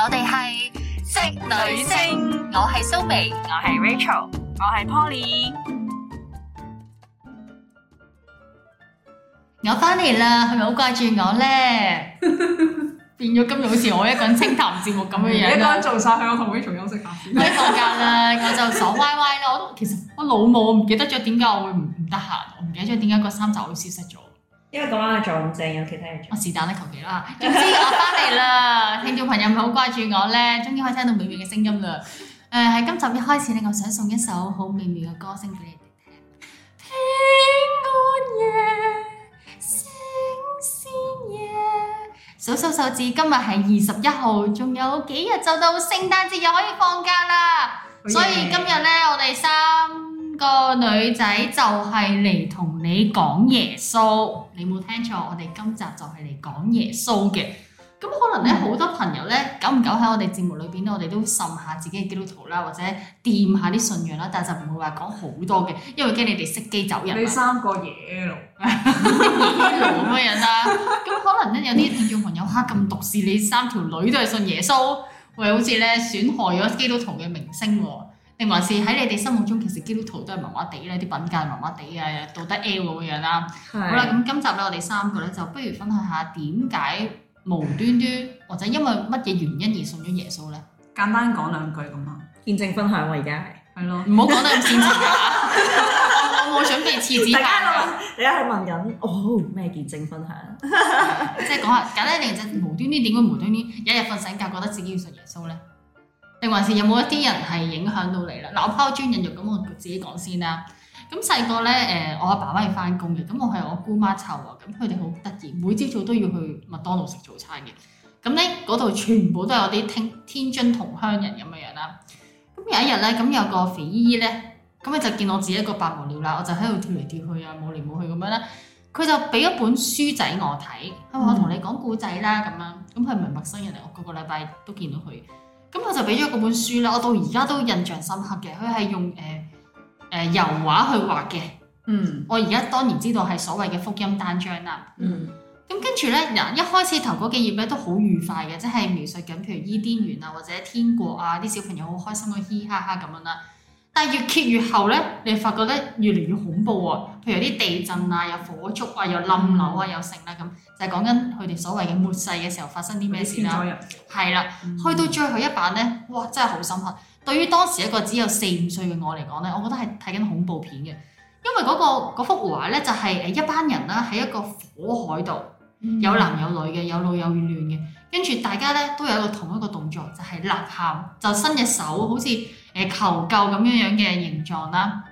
我哋係職女聲，我係蘇眉，我係 Rachel，我係 Polly，我翻嚟啦，係咪好掛住我咧？變咗今日好似我一個人清談節目咁嘅樣啦。一個人做晒，我同 Rachel 休息下。我放假啦，我就爽歪歪啦。我都其實我老母，唔記得咗點解我會唔唔得閒，我唔記得咗點解個衫袖會消失咗。因為講下做咁正，有其他嘢做。我是但啦，求其啦。總之我翻嚟啦，聽眾朋友咪好掛住我咧？終於可以聽到美妙嘅聲音啦。誒喺今集一開始咧，我想送一首好美妙嘅歌聲俾你哋聽。平安夜，聖善夜，數數手指，今日係二十一號，仲有幾日就到聖誕節，又可以放假啦。所以今日咧，我哋三個女仔就係嚟同你講耶穌，你冇聽錯，我哋今集就係嚟講耶穌嘅。咁可能咧好多朋友咧，久唔久喺我哋節目裏邊，我哋都信下自己嘅基督徒啦，或者掂下啲信仰啦，但係就唔會話講好多嘅，因為驚你哋熄機走人。你三個耶路耶路咩人啊？咁可能咧有啲聽眾朋友嚇咁毒視，你三條女都係信耶穌，喂，好似咧損害咗基督徒嘅名聲喎。定還是喺你哋心目中，其實基督徒都係麻麻地咧，啲品格麻麻地啊，道德 L 咁樣啦。好啦，咁今集咧，我哋三個咧就不如分享下點解無端端或者因為乜嘢原因而信咗耶穌咧？簡單講兩句咁啊，見證分享喎，而家係。係咯，唔好講得咁煽情嚇。我我冇準備刺字牌㗎。大家好，你係問緊哦咩見證分享？即係講下，簡單無端端點解無端端有日瞓醒覺，覺得自己要信耶穌咧？定還是有冇一啲人係影響到你啦？嗱，我拋磚引玉，咁我自己講先啦。咁細個咧，誒、呃，我阿爸媽要翻工嘅，咁我係我姑媽湊啊。咁佢哋好得意，每朝早都要去麥當勞食早餐嘅。咁咧，嗰度全部都係我啲天天津同鄉人咁嘅樣啦。咁有一日咧，咁有個肥姨姨咧，咁佢就見我自己一個白無聊啦，我就喺度跳嚟跳去啊，冇嚟冇去咁樣啦。佢就俾一本書仔我睇，嗯、我同你講故仔啦咁啦。咁佢唔係陌生人嚟？我個個禮拜都見到佢。咁我就俾咗嗰本書喇，我到而家都印象深刻嘅。佢係用誒誒、呃呃、油畫去畫嘅。嗯，我而家當然知道係所謂嘅福音單張啦。嗯，咁跟住咧，人一開始頭嗰幾頁咧都好愉快嘅，即係描述緊譬如伊甸園啊，或者天國啊，啲小朋友好開心，啊，嘻嘻哈哈咁樣啦。但係越揭越後咧，你發覺咧越嚟越恐怖喎、啊。譬如啲地震啊，有火燭啊，有冧樓啊，嗯、又剩啦咁，就係講緊佢哋所謂嘅末世嘅時候發生啲咩事啦。係啦，去到最後一版咧，哇！真係好深刻。對於當時一個只有四五歲嘅我嚟講咧，我覺得係睇緊恐怖片嘅，因為嗰、那個、幅畫咧就係、是、誒一班人啦，喺一個火海度，嗯、有男有女嘅，有老有嫩嘅，跟住大家咧都有一個同一個動作，就係、是、吶喊，就伸隻手，好似～誒求救咁樣樣嘅形狀啦，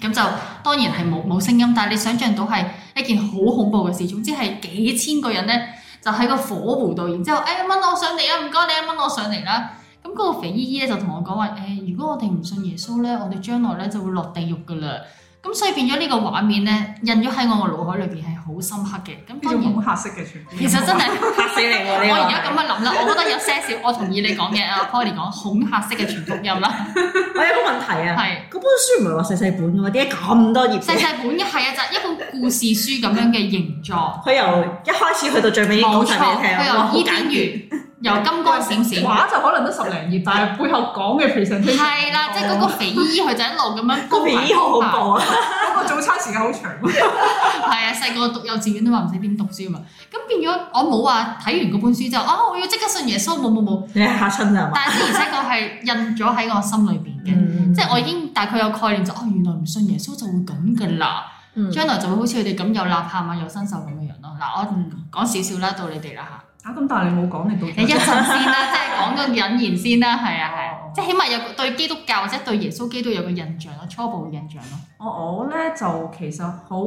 咁就當然係冇冇聲音，但係你想像到係一件好恐怖嘅事。總之係幾千個人咧，就喺個火爐度，然之後誒掹、哎、我上嚟啊！唔該你啊，掹我上嚟啦。咁嗰個肥姨姨咧就同我講話誒，如果我哋唔信耶穌咧，我哋將來咧就會落地獄㗎啦。咁所以變咗呢個畫面咧，印咗喺我個腦海裏邊係好深刻嘅。咁當然恐嚇式嘅傳福音，其實真係嚇死你喎！我而家咁樣諗啦， 我覺得有些少，我同意你講嘅啊，Polly 講恐嚇式嘅傳福音啦。我有個問題啊，係嗰是本書唔係話細細本嘅嘛？點解咁多頁？細細本一係啊，就一本故事書咁樣嘅形狀。佢由一開始去到最尾講出俾你聽，佢由錯伊天瑜。由金光閃閃，話就可能得十零頁，但係背後講嘅非常之係啦，了哦、即係嗰個肥姨佢就一路咁樣高爬好爬，嗰個早餐時間好長。係啊，細個讀幼稚園都話唔使點讀書啊嘛，咁變咗我冇話睇完嗰本書之後，啊我要即刻信耶穌冇冇冇，你嚇親就係嘛？但係即係而且我係印咗喺我心裏邊嘅， 嗯、即係我已經大概有概念就哦，原來唔信耶穌就會咁㗎啦，嗯、將來就會好似佢哋咁有立下嘛有新手咁嘅樣咯。嗱，我講少少啦，到你哋啦嚇。嚇咁，但係你冇講，你到一陣先啦，即係講咗引言先啦，係啊，係，即係起碼有對基督教或者對耶穌基督有個印象，個初步印象咯。我我咧就其實好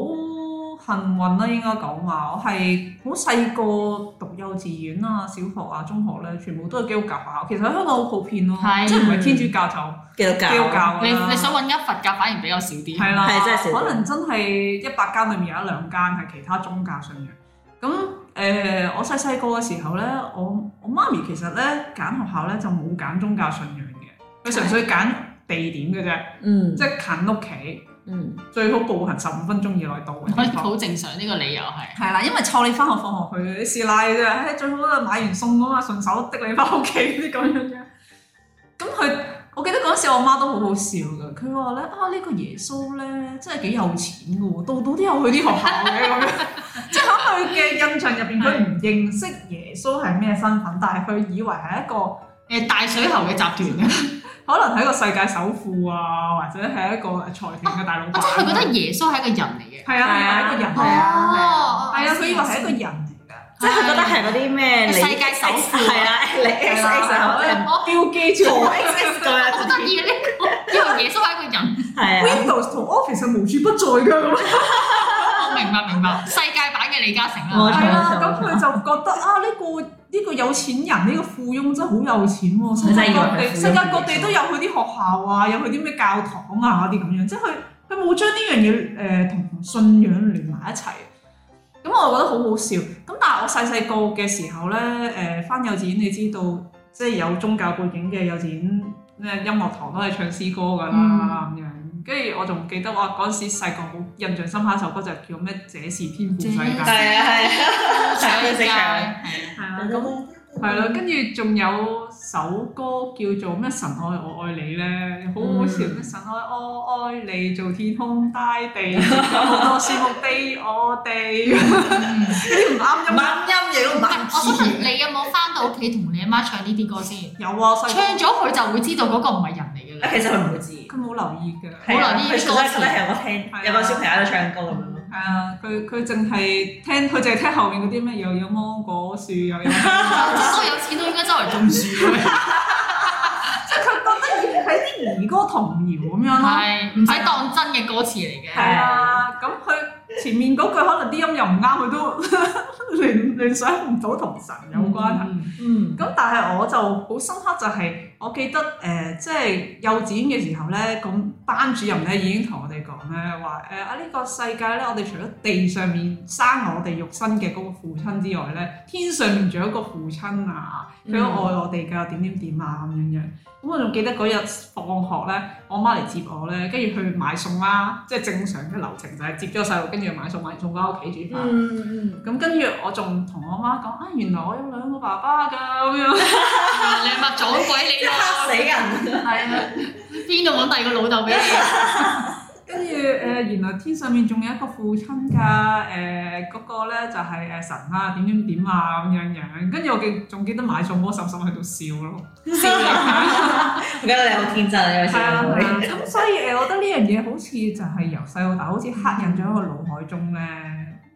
幸運啦，應該講話，我係好細個讀幼稚園啊、小學啊、中學咧，全部都係基督教學校，其實喺香港好普遍咯，即係唔係天主教就基督教。你你想揾一佛教反而比較少啲，係啦，係真係少，可能真係一百間裡面有一兩間係其他宗教信仰咁。誒、呃，我細細個嘅時候咧，我我媽咪其實咧揀學校咧就冇揀宗教信仰嘅，佢、嗯、純粹揀地點嘅啫，嗯，即係近屋企，嗯，最好步行十五分鐘以內到嘅，好、嗯、正常呢、呢個理由係，係啦，因為湊你翻學放學去你師奶啫，最好就買完餸啊嘛，順手拎你翻屋企啲咁樣嘅，咁佢。我記得嗰時我媽都好好笑噶，佢話咧啊呢、這個耶穌咧真係幾有錢噶，度度都有佢啲學校嘅， 即係喺佢嘅印象入面，佢唔認識耶穌係咩身份，但係佢以為係一個、欸、大水喉嘅集團可能係一個世界首富啊，或者係一個財團嘅大佬、啊。我、啊啊、即係覺得耶穌係一個人嚟嘅，係啊係啊，一個人係啊，係 啊，佢以為係一個人。即係佢覺得係嗰啲咩？世界首富係啊，啊，李 X X 首富、啊，彪機超，我覺得而呢，因、 這個、 為耶穌係一個人，係 啊，Windows 同 Office 其實無處不在㗎， 我明白，明白，世界版嘅李嘉誠啦，係啦、 啊，咁佢就覺得、嗯、啊，呢、呢個呢、呢個有錢人，呢、呢個富翁真係好有錢喎、啊，世界各地世界各地都有佢啲學校啊，有佢啲咩教堂啊啲咁樣，即係佢佢冇將呢樣嘢誒同信仰連埋一齊。咁我覺得好好笑，咁但係我細細個嘅時候咧，誒、呃、返幼稚園，你知道，即係有宗教背景嘅幼稚園咧，音樂堂都係唱詩歌噶啦，咁、嗯、樣。跟住我仲記得，我嗰時細個好印象深刻一首歌就，就叫咩？這是天父世界，係啊係啊，成日識唱，係小啊孩。係咯，跟住仲有首歌叫做咩神愛我愛你咧，好好笑咩、嗯、神愛我愛你，做天空大地，好 多羨慕地我哋， 嗯、 你唔啱音音嘢都唔係自然。你有冇翻到屋企同你阿媽唱呢啲歌先？ 有啊，唱咗佢就會知道嗰個唔係人嚟嘅咧。啊，其實佢唔會知，佢冇留意㗎，冇留意啲歌詞。佢真係係有聽，有個小朋友喺度唱歌。對啊係啊，佢佢淨係聽，佢淨係聽後面嗰啲咩，又有芒果樹，又有，所有錢都應該周圍種樹，即係佢覺得係啲兒歌童謠咁樣咯，係唔使當真嘅歌詞嚟嘅，係啊、so, um，咁佢、yeah。前面嗰句可能啲音又唔啱，佢都聯聯 想唔到同神有關係。咁但係我就好深刻、就係，就係我記得誒、呃，即係幼稚園嘅時候咧，咁班主任咧已經同我哋講咧，話誒啊呢個世界咧，我哋除咗地上面生我哋肉身嘅嗰個父親之外咧，天上面仲有一個父親啊，佢好、嗯、愛我哋嘅點點點啊咁樣樣。咁我仲記得嗰日放學咧。我媽嚟接我呢，跟住去買餸啦，即係正常嘅流程就係接咗個細路，跟住買餸買餸返屋企煮飯。咁跟住我仲同我媽講啊，原來我有兩個爸爸㗎咁樣。你係咪撞鬼你㗎？嚇死人！係啊，邊度揾第二個老豆畀你？跟住誒，原來天上面仲有一個父親㗎，誒嗰個咧就係誒神啊，點點點啊咁樣樣。跟住我記，仲記得買餸濕濕喺度笑咯。我覺得你好天真啊！有時咁，所以誒，我覺得呢樣嘢好似就係由細到大，好似刻印咗喺個腦海中咧，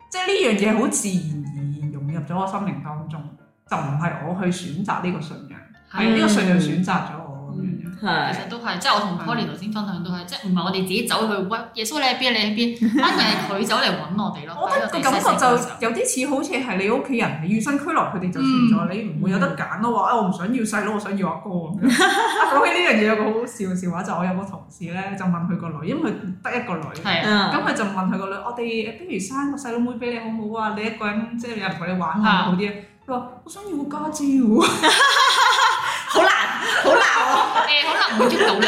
即係呢樣嘢好自然而然融入咗我心靈當中，就唔係我去選擇呢個信仰，係呢個信仰選擇咗我。其實都係，即係我同 Tony 頭先分享都係，的即係唔係我哋自己走去喂，耶穌你喺邊？你喺邊？反而係佢走嚟揾我哋咯。我覺得個感覺就有啲似好似係你屋企人，與、嗯、生俱來佢哋就存在，嗯、你唔會有得揀咯喎。啊，我唔想要細佬，我想要阿哥，咁樣 啊！講起呢樣嘢有個好好笑嘅笑話就我有個同事咧，就問佢個女，因為佢得一個女。咁佢的、嗯、就問佢個女：我哋不如生個細佬妹俾你好唔好啊？你一個人即係又唔同你玩會會好啊好啲。佢話：我想要個家姐喎、啊， 好難，好難。 誒 可能會捉到你，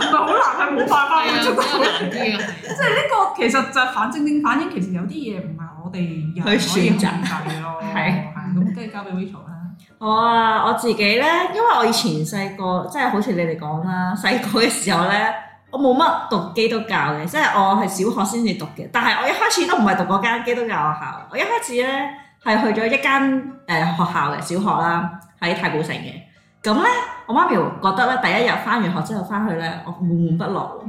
唔係好難，係冇辦法捉到即係呢個其實就反正正反應，其實有啲嘢唔係我哋去選擇咯，係咁，跟住交俾 Rachel 啦。我啊，我自己咧，因為我以前細個即係好似你哋講啦，細個嘅時候咧，我冇乜讀基督教嘅，即係我係小學先至讀嘅。但係我一開始都唔係讀嗰間基督教學校，我一開始咧係去咗一間誒學校嘅小學啦，喺太古城嘅咁咧。我媽咪覺得咧，第一日返完學之後返去咧，我悶悶不樂喎。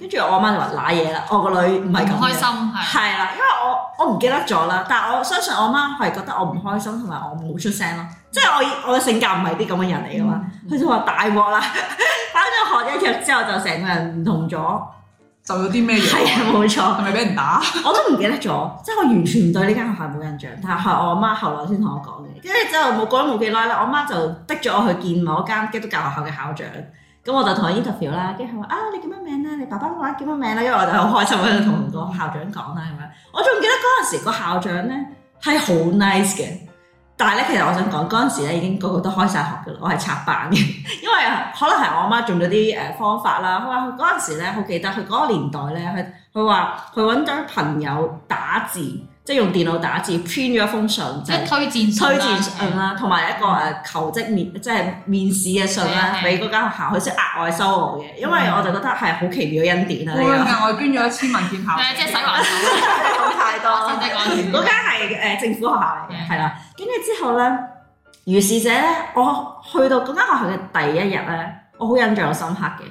跟住、嗯、我媽就話瀨嘢啦，我個女唔係咁開心，係啦，因為我我唔記得咗啦。但係我相信我媽係覺得我唔開心同埋我冇出聲咯。即、就、係、是、我我嘅性格唔係啲咁嘅人嚟嘅嘛，佢、嗯、就話大鑊啦。反正、嗯嗯、學一日之後就成個人唔同咗。做咗啲咩嘢？係啊，冇錯。係咪俾人打？ 我都唔記得咗，即係我完全唔對呢間學校冇印象。但係我阿媽後來先同我講嘅。跟住之後冇過咗冇幾耐咧，我媽就逼咗我去見某一間基督教學校嘅校長。咁我就同佢 interview 啦，跟住佢話：啊，你叫乜名咧？你爸爸嘅話叫乜名咧？因為我就好開心啊，同個校長講啦咁樣。我仲記得嗰陣時個校長咧係好 nice 嘅。但係咧，其實我想講嗰陣時已經個個都開曬學嘅，我係插班嘅，因為可能係我媽用咗啲誒方法啦。佢話嗰陣時咧，好記得佢嗰個年代咧，佢佢話佢揾咗啲朋友打字。即係用電腦打字編咗一封信，即係推薦信啦，同埋一個誒求職面，即係面試嘅信啦，俾嗰間學校，佢先係額外收我嘅，因為我就覺得係好奇妙嘅恩典啦。會額外捐咗一千蚊件校服。係啊，即係洗還。太多，真係講。間係政府學校嚟嘅，係啦。跟住之後咧，如是者咧，我去到嗰間學校嘅第一日咧，我好印象深刻嘅。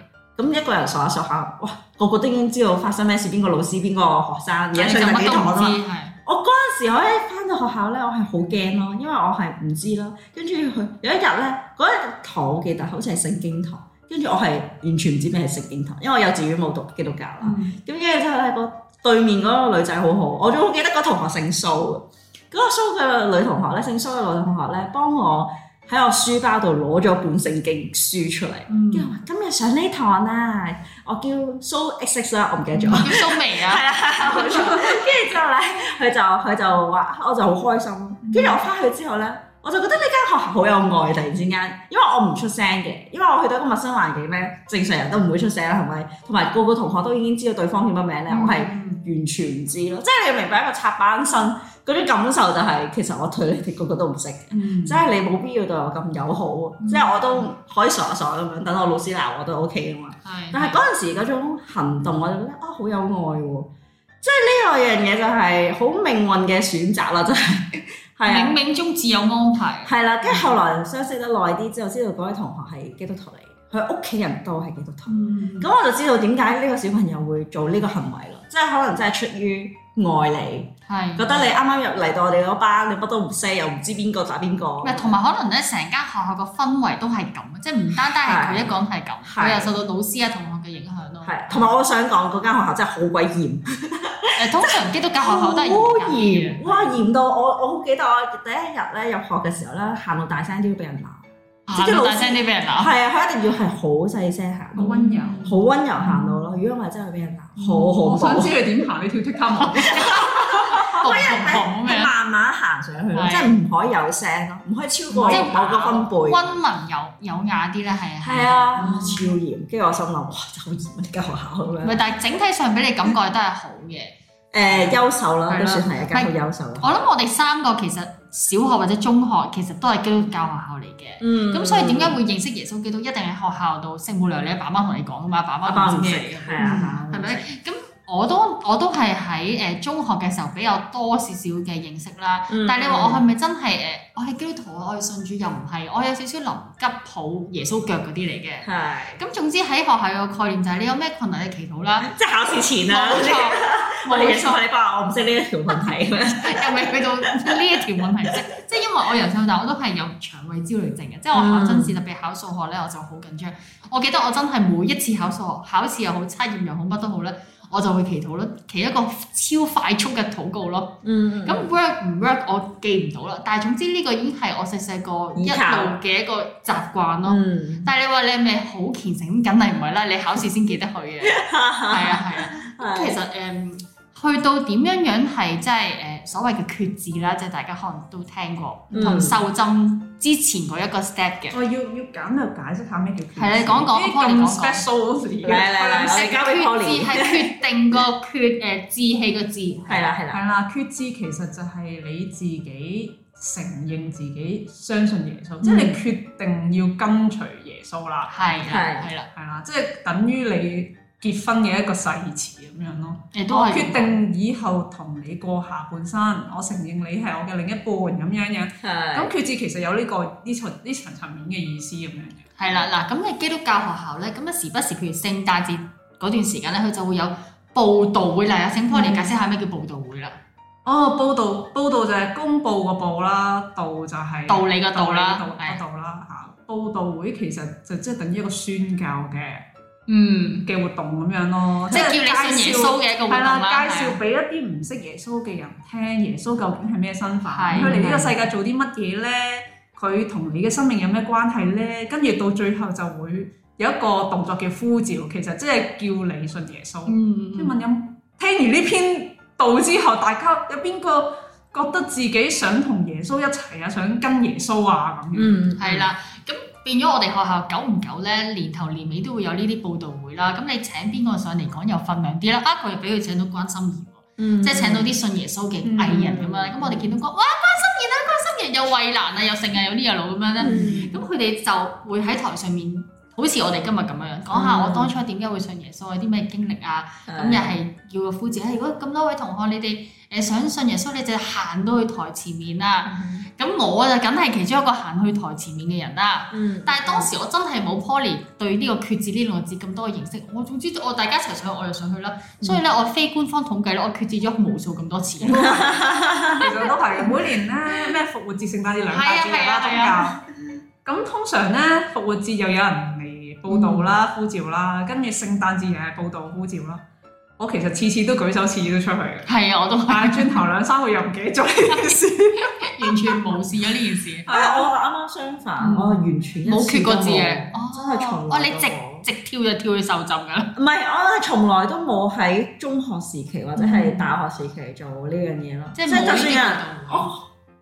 咁一個人傻下傻下，哇！個個都已經知道發生咩事，邊個老師、邊個學生，眼水都幾多啦。我嗰陣時，我一翻到學校咧，我係好驚咯，因為我係唔知咯，跟住佢有一日咧，嗰一堂我記得好似係聖經堂，跟住我係完全唔知咩係聖經堂，因為我幼稚園冇讀基督教啦。跟住之後咧，個對面嗰個女仔好好，我仲好記得個同學姓蘇，嗰個蘇嘅女同學咧，姓蘇嘅女同學咧，幫我。喺我書包度攞咗本聖經書出嚟，跟住話今日上呢堂啦，我叫蘇 XX 啦、嗯， 我唔記得咗，叫蘇眉啊，係啊，跟住之後咧，佢就佢就話我就好開心，跟住我翻去之後咧，我就覺得呢間學校好有愛，突然之間，因為我唔出聲嘅，因為我去到一個陌生環境咧，正常人都唔會出聲啦，係咪？同埋個個同學都已經知道對方叫乜名咧，嗯、我係。完全唔知咯，即係你要明白一個插班生嗰種感受、就是，就係其實我對你哋個個都唔識嘅，mm hmm. 即係你冇必要對我咁友好，mm hmm. 即係我都可以傻傻咁樣，等我老師鬧我都 O K 啊嘛。Mm hmm. 但係嗰陣時嗰種行動、mm hmm. 我就覺得啊、哦、好有愛喎、哦，即係呢樣嘢就係好命運嘅選擇啦，真係，係冥冥中自有安排。係啦、 啊，跟住、啊、後,後來相識得耐啲之後，知道嗰位同學係基督徒嚟，佢屋企人都係基督徒，咁、mm hmm. 我就知道點解呢個小朋友會做呢個行為咯。Mm hmm. 即係可能真係出於愛你，的覺得你啱啱入嚟到我哋嗰班，你乜都唔識，又唔知邊個打邊個。唔係，同埋可能咧，成間學校個氛圍都係咁，的即係唔單單係佢一個人係咁，我的又受到老師啊同學嘅影響咯。係。同埋我想講嗰間學校真係好鬼嚴，通常基督教學校都係咁嚴，哦、嚴。哇，嚴到我我好記得我第一日咧入學嘅時候咧，喊到大聲都要俾人鬧。即係好大聲啲俾人鬧，係啊，佢一定要係好細聲行，好溫柔，好溫柔行路咯。如果唔係真係俾人鬧，好恐怖。我想知佢點行呢條梯級。 同同同慢慢行上去咯，即係唔可以有聲咯，唔可以超過我個分貝。溫文有有雅啲咧，係啊，啊、嗯，超嚴。跟住我心諗哇，好嚴啲間學校咁唔係， 但係整體上俾你感覺都係好嘅。誒、 呃，優秀啦，了都算係一間好優秀。我諗我哋三個其實。小學或者中學其實都係基督教學校嚟嘅，咁、嗯、所以點解會認識耶穌基督？一定喺學校度，聖母娘，嗯、你阿爸爸同你講啊嘛，爸爸講嘅，係啊係咪？咁吧、嗯、我都我都係喺誒中學嘅時候比較多少少嘅認識啦。嗯、但係你話我係咪真係誒？我係基督徒，我係信主，又唔係我有少少臨急抱耶穌腳嗰啲嚟嘅。係咁是總之喺學校有個概念就係你有咩困難你祈禱啦，嗯、即係考試前啦。錯 你冇錯啊！你話我唔識呢一條問題又未去到呢一條問題？ 即係因為我由細到大我都係有腸胃焦慮症嘅，即係我考真試特別考數學咧，我就好緊張。我記得我真係每一次考數學考試又好、測驗又好、乜都好咧，我就會祈禱咯，祈一個超快速嘅禱告咯。嗯。咁 work 唔 work 我記唔到啦，但係總之呢個已經係我細細個一路嘅一個習慣咯。求但係你話你係咪好虔誠？梗係唔係啦？你考試先記得佢嘅，係啊係啊。咁其實誒。嗯嗯去到點樣樣係即係誒所謂嘅決志啦，即係大家可能都聽過同受浸之前嗰一個 step 嘅。我要要簡略解釋下咩叫決志。係啦，講講。唔係，唔係。來來來，交俾科年。決志係決定個決誒志氣嘅字。係啦，係啦。係啦，決志其實就係你自己承認自己相信耶穌，即係你決定要跟隨耶穌啦。係啊，係啦，係啦，即係等於你，結婚嘅一個誓詞咁樣咯，都樣我決定以後同你過下半生，我承認你係我嘅另一半咁樣樣。係咁的決志其實有呢、呢個呢層呢層層面嘅意思咁樣嘅。係啦，嗱咁嘅基督教學校咧，咁啊時不時佢聖誕節嗰段時間咧，佢就會有佈道會嚟啊！請幫你解釋下咩叫佈道會啦、嗯。哦，佈道佈道就係公佈個佈啦，道就係道理個道，道，道啦，道啦嚇。佈的道會其實就即係等於一個宣教嘅。嗯嘅活動咁樣咯，即係叫你信耶穌嘅係啦，介紹俾一啲唔識耶穌嘅人聽耶穌究竟係咩身份，佢嚟呢個世界做啲乜嘢咧？佢同你嘅生命有咩關係咧？跟住到最後就會有一個動作嘅呼召，其實即係叫你信耶穌。嗯，聽問音，聽完呢篇道之後，大家有邊個覺得自己想同耶穌一齊啊？想跟耶穌啊？咁樣嗯，係啦。變咗我哋學校久唔久咧，年頭年尾都會有呢啲報道會啦。咁你請邊個上嚟講有分量啲啦？包括又俾佢請到關心妍喎，嗯、即係請到啲信耶穌嘅藝人咁、嗯、樣。咁我哋見到講哇，關心妍啊，關心妍又衛蘭啊，又盛啊，有啲嘢攞咁樣咧。咁佢哋就會喺台上面，好似我哋今日咁樣樣講下我當初點解會信耶穌，有啲咩經歷啊。咁又係叫個夫子。如果咁多位同學你哋。你想信耶穌，你就行到去台前面啦、啊。咁、嗯、我就梗係其中一個行去台前面嘅人啦、啊。嗯、但係當時我真係冇 Poly 對呢個決志呢兩個字咁多嘅認識。我總之我大家一齊上去，我就上去啦。嗯、所以咧，我非官方統計咧，我決志咗無數咁多次。其實都係每年咧，咩復活節、聖誕節兩節啦，宗教、 啊。咁通常咧，復活節又有人嚟報道啦、呼召啦，跟住聖誕節又係報道、呼召啦。我其實次次都舉手，次次都出去嘅。係啊，我都係轉頭兩三個又唔記得咗呢件事，完全無視咗呢件事。係啊，我啱啱相反，我完全冇決過志嘅，哦，真係從來。你直直跳就跳去受浸㗎？唔係，我係從來都冇喺中學時期或者係大學時期做呢樣嘢咯。即係就算有人哦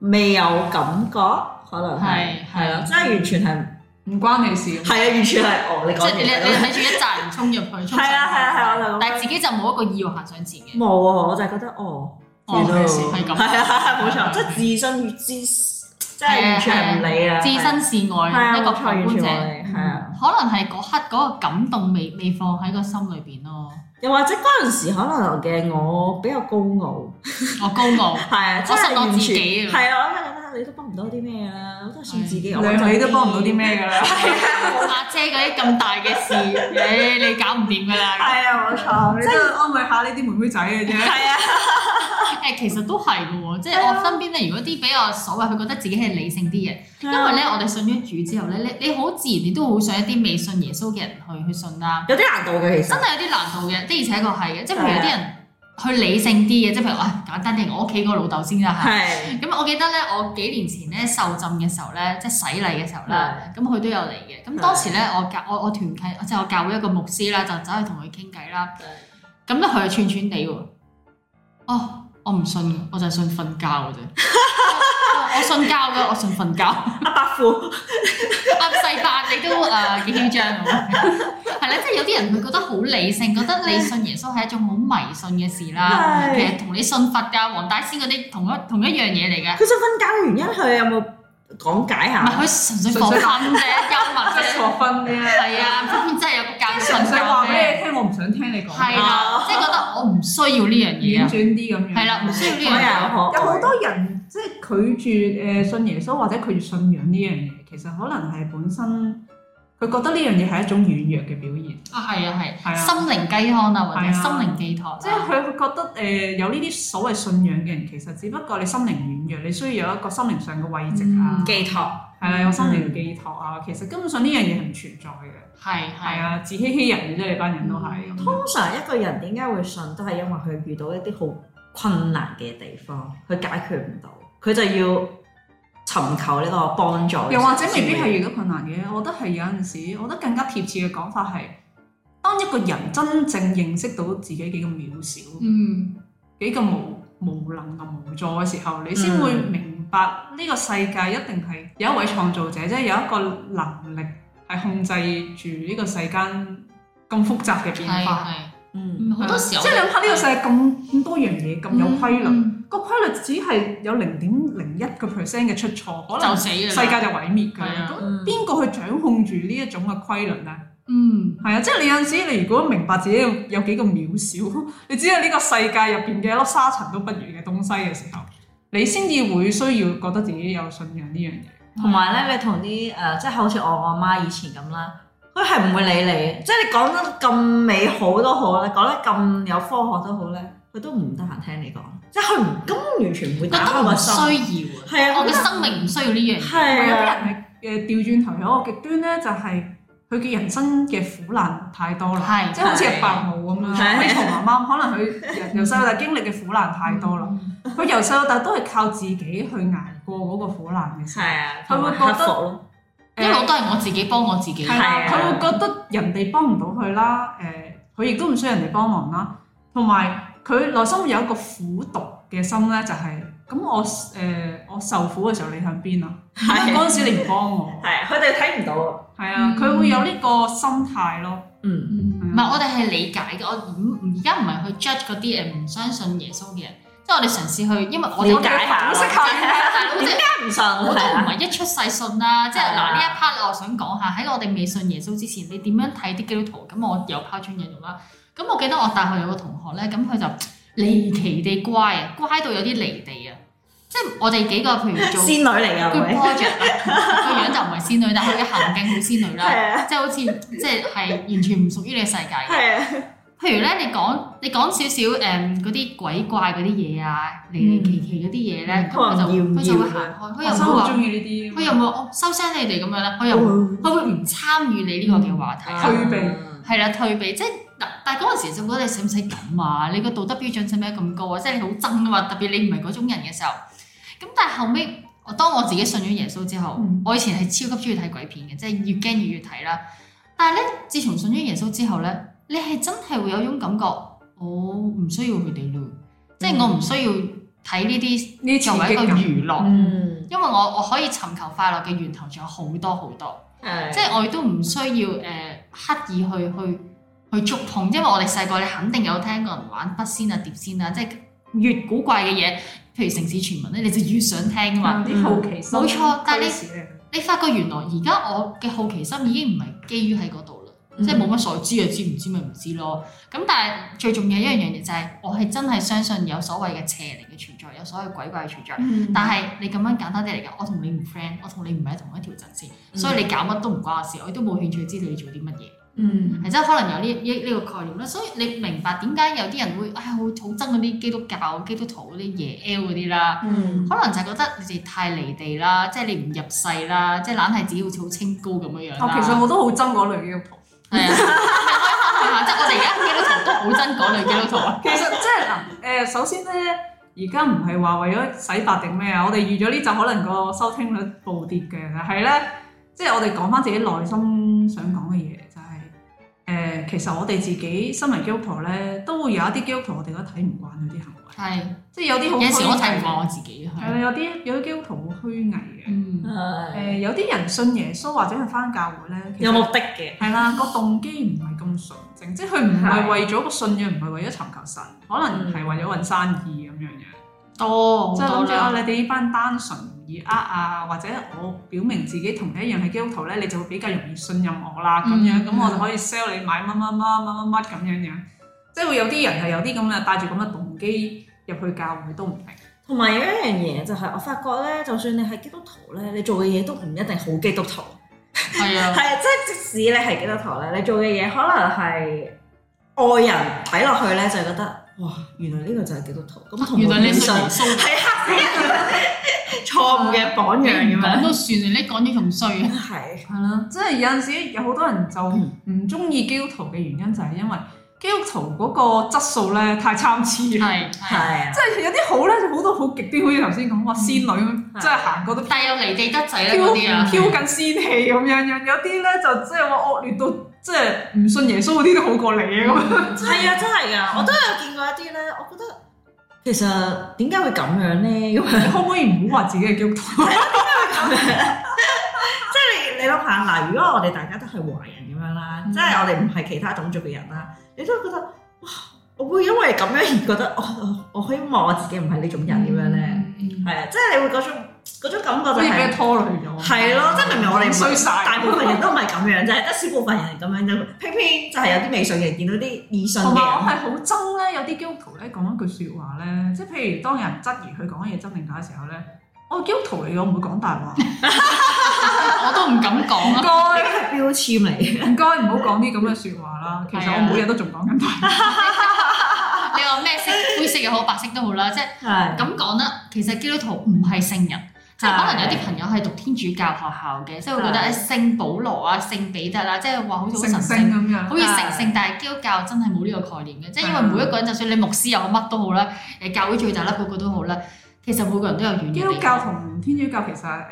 未有感覺，可能係係啊，真係完全係。唔關你事，係啊，完全係我。你講即係你你睇住一紮人，衝入去，衝入去，係啊係啊係，我但係自己就冇一個意欲行上前嘅，冇啊！我就係覺得哦，唔關回事，係咁，係啊，冇錯，即係自信與自，即係完全唔理啊，置身事外，一個旁觀者，係啊，可能係嗰刻嗰個感動未未放喺個心裏邊咯，又或者嗰陣時可能嘅我比較高傲，我高傲係啊，即係完全係啊。你都幫唔到啲咩啊？我都係信自己，女女都幫唔到啲咩㗎啦。駕車嗰啲咁大嘅事，誒，你搞唔掂㗎啦。係啊，冇錯，即係安慰下呢啲妹妹仔嘅啫。係啊。誒，其實都係嘅喎，即係我身邊咧，如果啲比較所謂，佢覺得自己係理性啲嘅，因為咧，我哋信咗主之後咧，你你好自然，你都好想一啲未信耶穌嘅人去去信啦。有啲難度嘅其實。真係有啲難度嘅，的而且確係嘅，即係譬如有啲人。佢理性啲嘅，即係譬如話、哎、簡單啲，我屋企個老豆先啦嚇。咁是的 我記得咧，我幾年前咧受浸嘅時候咧，即係洗禮嘅時候咧，咁佢都有嚟嘅。咁是的 當時咧，我教我我團契，即係我教會一個牧師啦，就走去同佢傾偈啦。咁咧佢串串哋喎，的哦，我唔信，我就係信瞓覺嘅啫。我信教嘅，我信佛教。阿 伯父，阿 世伯，你都誒幾囂張啊？係 啦，即係有啲人佢覺得好理性，覺得你信耶穌係一種好迷信嘅事啦。的其實同你信佛噶、黃大仙嗰啲同一同一樣嘢嚟嘅。佢信佛教嘅原因係有冇？講解下，唔係佢純粹講分啫，幽默質過分啲啦。係 啊，偏偏真係有個咁純粹話俾你聽，我唔想聽你講。係啦， 即、就、係、是、覺得我唔需要呢樣嘢婉轉啲咁、 嗯、樣。係啦，唔需要呢樣嘢。有好多人即係拒絕誒信耶穌，或者拒絕信仰呢樣嘢，對其實可能係本身。佢覺得呢樣嘢係一種軟弱嘅表現啊！係啊係，心靈雞湯啊，或者心靈寄託。即係佢佢覺得誒有呢啲所謂信仰嘅人，其實只不過你心靈軟弱，你需要有一個心靈上嘅慰藉啊，寄託，係啦，有心靈嘅寄託啊。其實根本上呢樣嘢係唔存在嘅，係係啊，自欺欺人啫！你呢班人都係通常一個人點解會信，都係因為佢遇到一啲好困難嘅地方，佢解決唔到，佢就要，尋求呢個幫助，又或者未必係遇到困難嘅。我覺得係有陣時，我覺得更加貼切嘅講法係，當一個人真正認識到自己幾咁渺小，嗯，幾咁無無能咁無助嘅時候，你先會明白呢個世界一定係有一位創造者，即係、嗯、有一個能力係控制住呢個世間咁複雜嘅變化。嗯，好多時即係諗下呢個世界咁多樣嘢咁有規律，個規律只係有零點零一個 percent 嘅出錯，可能就死世界就毀滅㗎。咁邊個去掌控住呢一種嘅規律咧？嗯，係啊，即係你有陣時，你如果明白自己有幾咁渺小，你知道呢個世界入邊嘅一粒沙塵都不如嘅東西嘅時候，你先至會需要覺得自己有信仰呢樣嘢。同埋咧，你同啲誒，即係好似我阿媽以前咁啦。佢係唔會理你，即係你講得咁美好都好咧，講得咁有科學都好咧，佢都唔得閒聽你講，即係佢唔咁完全唔會打開話需要啊！係啊，我嘅生命唔需要呢樣。係啊，有啲人係誒調轉頭，有個極端咧，就係佢嘅人生嘅苦難太多啦。係的，即係好似白毛咁啦，好似陶媽媽，可能佢由由細到大經歷嘅苦難太多啦，佢由細到大都係靠自己去捱過嗰個苦難嘅事，係啊，佢會覺得……一路都係我自己幫我自己、啊，佢、啊、會覺得人哋幫唔到佢啦。誒、呃，佢亦都唔需要人哋幫忙啦。同埋佢內心會有一個苦毒嘅心咧，就係、是、咁我誒、呃、我受苦嘅時候你響邊啊？咁嗰陣時你唔幫我，係佢哋睇唔到，係啊，佢、啊嗯、會有呢個心態咯。嗯，唔、嗯、係、啊、我哋係理解嘅，我而家唔係去 judge 嗰啲誒唔相信耶穌嘅人。即係我哋嘗試去，因為我哋都唔識佢，即係邊家唔信，我都唔係一出世信啦。啊、即係嗱呢一 part，我想講下喺我哋未信耶穌之前，你點樣睇啲基督徒？咁我又拋磚引玉啦。咁我記得我大學有個同學咧，咁佢就離奇地乖啊，乖到有啲離地啊。即係我哋幾個，譬如做仙女嚟、啊、噶，佢個 project 個樣就唔係仙女，但係佢嘅行徑好仙女啦、啊，即係好似即係係完全唔屬於你嘅世界嘅。譬如咧，你講你講少少誒嗰啲鬼怪嗰啲嘢啊，離離奇奇嗰啲嘢咧，佢、嗯、就佢就會行開，佢又唔會話，佢又冇收聲你哋咁樣咧，佢又佢會唔參與你呢個嘅話題、啊退避嗯，退避係啦，退避即係嗱，但係嗰陣時仲覺得你使唔使咁啊？你個道德標準使咩咁高啊？即係你好憎啊嘛！特別你唔係嗰種人嘅時候。咁但係後尾，當我自己信咗耶穌之後，嗯、我以前係超級中意睇鬼片嘅，即係越驚越要睇啦。但係咧，自從信咗耶穌之後咧。你係真係會有種感覺，我、哦、唔需要佢哋咯，嗯、即係我唔需要睇呢啲作為一個娛樂，因為我我可以尋求快樂嘅源頭仲有好多好多，即係我亦都唔需要誒刻意去去去觸碰，因為我哋細個你肯定有聽過人玩筆仙啊、碟仙啊，即係越古怪嘅嘢，譬如城市傳聞咧，你就越想聽啊嘛，啲好奇心冇錯、嗯，但係你、啊、你發覺原來而家我嘅好奇心已經唔係基於喺嗰度。即係冇乜所知啊，知唔知咪唔知，知咯。咁但係最重要一樣嘢就係，嗯、我係真係相信有所謂嘅邪靈嘅存在，有所謂鬼怪嘅存在。嗯、但係你咁樣簡單啲嚟講，我同你唔 friend，我同你唔係同一條陣線，嗯、所以你搞乜都唔關事，我亦都冇興趣知道你做啲乜嘢。嗯，係真，係可能有呢呢呢個概念啦。所以你明白點解有啲人會唉好憎嗰啲基督教、基督徒嗰啲耶 L 嗰啲啦？嗯、可能就係覺得你哋太離地啦，即、就、係、是、你唔入世啦，即係懶係自己好似好清高咁樣樣。嗯、其實我都好憎嗰類基係啊、呃， 即係我哋而家基督徒都好憎講呢類基督徒啊，其實即係嗱誒首先咧，而家唔係話為咗洗白定咩啊，我哋預咗呢集可能個收聽率暴跌嘅，係咧，即係我哋講翻自己內心想講嘅嘢，就係誒其實我哋自己身為基督徒咧，都會有一啲基督徒我哋都睇唔慣佢啲行為。係，是即係有啲好。有時我睇唔過我自己。係啊，有啲有啲基督徒好虛偽嘅。嗯。嗯呃、有啲人信耶穌或者係翻教會咧，有目的嘅。係啦，個動機唔係咁純正，即係佢唔係為咗個信仰，唔係的為咗尋求神，可能係為咗揾生意咁樣、嗯嗯、樣。哦，即係諗住啊，你哋呢班單純而呃啊，或者我表明自己同一樣係基督徒咧，你就會比較容易信任我啦咁樣，咁、嗯嗯、我就可以 sell 你買乜乜乜乜乜乜咁樣樣。即係會有啲人係有啲咁嘅帶住咁嘅動機入去教會都唔明。同埋有一樣嘢就係我發覺咧，就算你係基督徒咧，你做嘅嘢都唔一定好基督徒。係啊，係啊、哎呀， 即係即使你係基督徒咧，你做嘅嘢可能係外人睇落去咧就係覺得哇，原來呢個就係基督徒。咁同我哋一樣衰，係啊，錯誤嘅榜樣咁樣、樣。都算你講啲仲衰，係係 對啦。即係有陣時有好多人就唔中意基督徒嘅原因就係因為。基督徒嗰個質素咧太參差啦，係係，即係有啲好咧，就好多好極端，好似頭先講話仙女咁，即係行過都但有嚟地得仔離地得滯嗰啲啊，飄緊仙氣咁樣樣，有啲咧就即係話惡劣到即係唔信耶穌嗰啲都好過你咁啊，係啊，真係啊，我都有見過一啲咧，我覺得其實點解會咁樣咧？咁可唔可以唔好話自己係基督徒？點解會咁咧？即係你你諗下嗱，如果我哋大家都係華人咁樣啦，即係我哋唔係其他種族嘅人啦。你真係覺得，哇！我會因為咁樣而覺得、哦，我希望我自己唔係呢種人咁樣咧，係啊、嗯嗯，即係你會嗰種，嗰種感覺就係、俾、拖累咗，係咯，即係明明我哋唔係大部分人都唔係咁樣，就係得少部分人咁樣啫。偏偏就係有啲迷信嘅人見到啲異信嘅，我係好憎咧。有啲基督徒咧講一句説話咧，即係譬如當人質疑佢講嘢真定假嘅時候咧。我、哦、基督徒嚟，我唔會講大話， 我都唔敢講。唔該託，標籤嚟唔該，唔好講啲咁嘅説話啦。其實我每日都仲講緊大話。 你話咩色？灰色又好，白色都好啦。即係咁講啦。其實基督徒唔係聖人，的即係可能有啲朋友係讀天主教學校嘅，的即係會覺得誒聖保羅啊、聖彼得啦，即係話好似好神聖咁樣，好似成聖，的但係基督教真係冇呢個概念嘅。即係的的因為每一個人，就算你牧師又好，乜都好啦，誒教會最大粒嗰個都好啦。其實每個人都有原。基督教同天主教其實誒，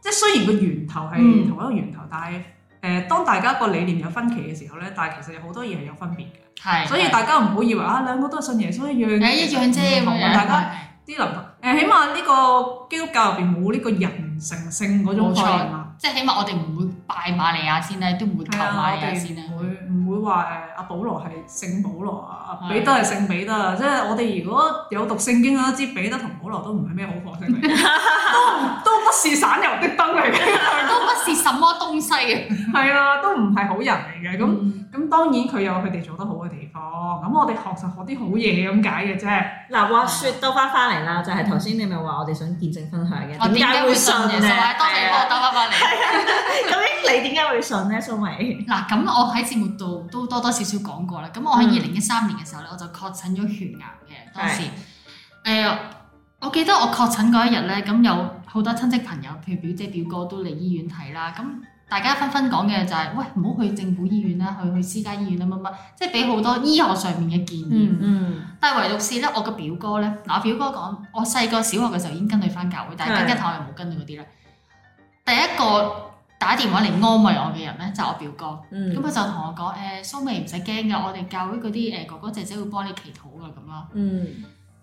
即係雖然個源頭係同一個源頭，但係誒，當大家個理念有分歧嘅時候咧，但係其實有好多嘢係有分別嘅。係，所以大家唔好以為啊，兩個都係信耶穌一樣嘅一樣啫。大家啲唔同誒，起碼呢個基督教入邊冇呢個人性性嗰種概念，即係起碼我哋唔會拜瑪利亞先啦，都唔會求瑪利亞先啦。話誒，阿保羅係聖保羅啊，彼得係聖彼得，是的 即係我哋如果有讀聖經啦，知彼得同保羅都唔係咩好貨色嚟， 嘅，都都不是省油的燈嚟嘅，都不是什麼東西嘅，係啊，都唔係好人嚟嘅咁。咁當然佢有佢哋做得好嘅地方，咁、嗯、我哋學實學啲好嘢咁解嘅啫。嗱，話說，兜翻翻嚟啦，就係頭先你咪話我哋想見證分享嘅，我點解會信嘅？係嚟。咁你點解會信咧，蘇眉？嗱，咁我喺節目度都多多少少講過啦。咁我喺二零一三年嘅時候咧，嗯、我就確診咗血癌嘅。當時，誒是、呃，我記得我確診嗰一日咧，咁有好多親戚朋友，譬如表姐表哥都嚟醫院睇啦。咁大家紛紛講嘅就係，喂，唔好去政府醫院啦，去去私家醫院啦，乜乜，即係俾好多醫學上面嘅建議。嗯。嗯，但係唯獨是咧，我個表哥咧，嗱，我表哥講，我細個小學嘅時候已經跟佢返教會，但係中一後又冇跟佢嗰啲咧。是。第一個打電話嚟安慰我嘅人咧，就係我表哥。咁佢就同我講，誒，蘇美唔使驚㗎，我哋教會嗰啲誒哥哥姐姐會幫你祈禱㗎咁咯。樣嗯。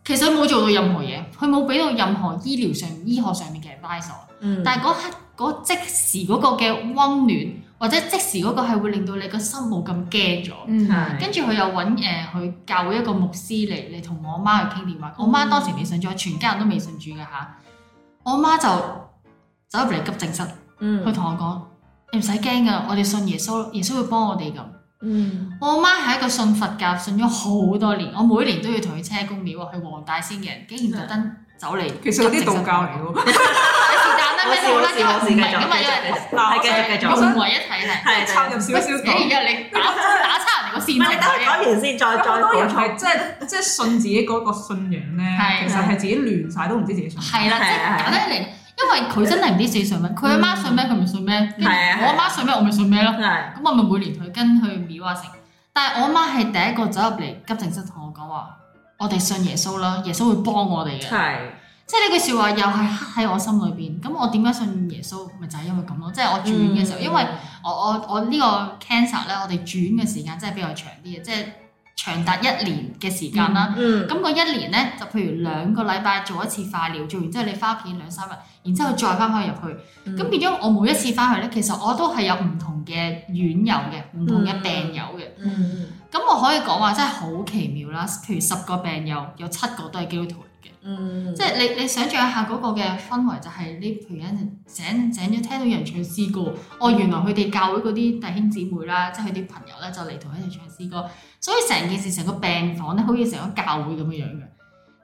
其實佢冇做到任何嘢，佢冇俾到任何醫療上、醫學上面嘅 answer 但係、嗯、嗰刻。即時嗰個嘅溫暖，或者即時嗰個係會令到你個心冇咁驚咗。嗯，跟住佢又揾誒佢教會一個牧師嚟嚟同我媽去傾電話。嗯、我媽當時未信咗，全家人都未信住嘅嚇。我媽就走入嚟急症室，嗯，佢同我講：你唔使驚㗎，我哋信耶穌，耶穌會幫我哋咁。嗯，我媽係一個信佛教信咗好多年，我每年都要同佢車公廟去黃大仙嘅人，竟然特登走嚟，其實有啲道教嚟 好啦，好啦，先因係，咁咪係嗱，繼續繼續，融為一睇係，係插入少少。不如啊，你打打差人哋個線路，你打完先，再再都有錯，即係即係信自己嗰個信仰咧，其實係自己亂曬，都唔知自己信。係啦，即係簡單嚟，因為佢真係唔知自己信咩，佢阿媽信咩，佢咪信咩。係啊。我阿媽信咩，我咪信咩咯。係。咁我咪每年去跟去廟話聖，但係我阿媽係第一個走入嚟急症室同我講話，我哋信耶穌啦，耶穌會幫我哋嘅。係。即係呢句說話又係刻喺我心裏邊，咁我點解信耶穌咪就係、是、因為咁咯。即係我住院嘅時候，嗯、因為我我我呢個 cancer 咧，我哋住院嘅時間真係比較長啲嘅，即係長達一年嘅時間啦。咁嗰、嗯嗯、一年咧，就譬如兩個禮拜做一次化療，做完之後、就是、你翻屋企兩三日，然之後再翻返入去。咁、嗯、變咗我每一次翻去咧，其實我都係有唔同嘅院友嘅，唔、嗯、同嘅病友嘅。嗯嗯咁我可以講話真係好奇妙啦！譬如十個病友，有七個都係基督徒嚟嘅，嗯、即係你你想象一下嗰個嘅氛圍就，就係你譬如一陣醒醒咗聽到有人唱詩歌，哦原來佢哋教會嗰啲弟兄姊妹啦，即係佢啲朋友咧就嚟同佢一齊唱詩歌，所以成件事成個病房咧，好似成個教會咁嘅樣嘅。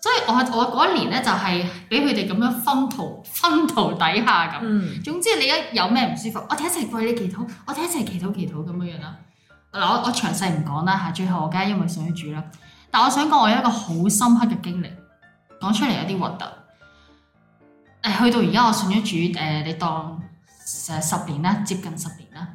所以我我嗰一年咧就係俾佢哋咁樣薰陶薰陶底下咁，嗯、總之你一有咩唔舒服，我哋一齊跪喺度祈禱，我哋一齊祈禱、祈禱咁嘅樣啦。我我詳細唔講啦嚇，最後我梗係因為信咗主啦。但我想講，我有一個好深刻嘅經歷，講出嚟有啲核突。誒、呃，去到而家我信咗主，誒、呃，你當誒十年啦，接近十年啦。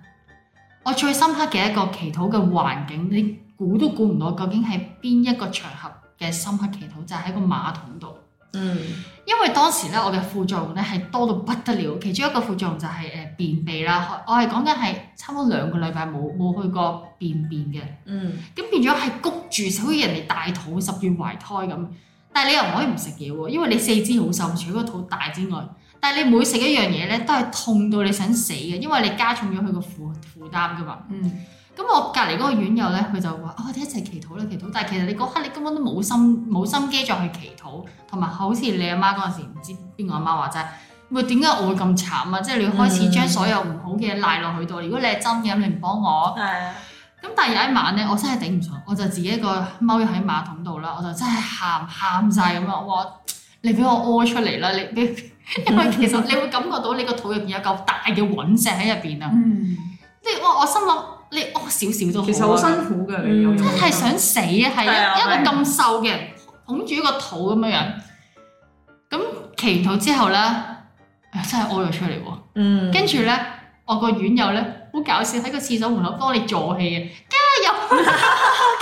我最深刻嘅一個祈禱嘅環境，你估都估唔到，究竟係邊一個場合嘅深刻祈禱，就係喺個馬桶度。嗯，因為當時咧，我嘅副作用咧係多到不得了，其中一個副作用就係誒便秘啦。我係講緊係差唔多兩個禮拜冇冇去過便便嘅。嗯，咁變咗係谷住，好似人哋大肚十月懷胎咁。但係你又唔可以唔食嘢喎，因為你四肢好瘦，除咗個肚大之外，但係你每食一樣嘢咧都係痛到你想死嘅，因為你加重咗佢個負負擔噶嘛。嗯。咁我隔離嗰個院友咧，佢就話：我哋、哦、一齊祈禱啦，祈禱！但係其實你嗰刻你根本都冇心冇心機再去祈禱，同埋好似你阿媽嗰陣時，唔知邊個阿媽話齋，咪點解我會咁慘啊？即係你開始將所有唔好嘅嘢賴落去度。如果你係真嘅，咁你唔幫我，咁唉但係有一晚咧，我真係頂唔順，我就自己一個踎喺馬桶度啦，我就真係喊喊晒咁樣。我話你俾我屙出嚟啦，你俾我屙出嚟，你，因為其實你會感覺到你個肚入邊有嚿大嘅隕石喺入邊啊，即係我我心諗。你屙少少都好、啊、其實好辛苦嘅，你真係想死啊！係、啊啊、一個咁瘦嘅人，捧住個肚咁樣樣，咁祈禱之後咧，真係屙咗出嚟喎。嗯，跟住咧，我個院友咧好搞笑，喺個廁所門口幫你助氣嘅，加油！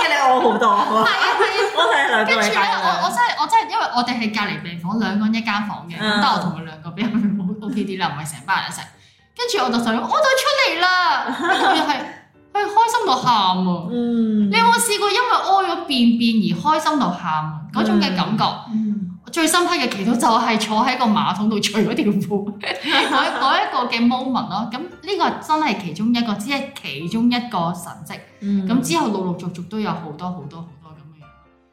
又 你屙好多。係啊係啊！我哋兩個跟住咧，我我真係我真係因為我哋係隔離病房兩個人一間房嘅，咁由我同佢兩個比較 O K 啲啦，唔係成班人一齊。跟住我就想屙到出嚟啦，跟住係。佢開心到喊啊！嗯、你有冇試過因為屙咗便便而開心到喊嗰種嘅感覺？嗯、最深刻嘅祈禱就係坐喺個馬桶度除嗰條褲，嗰一 個嘅 moment 咯。咁、那、呢個真係其中一個，只係其中一個神跡。咁、嗯、之後陸陸續續都有好多好多好多咁嘅嘢。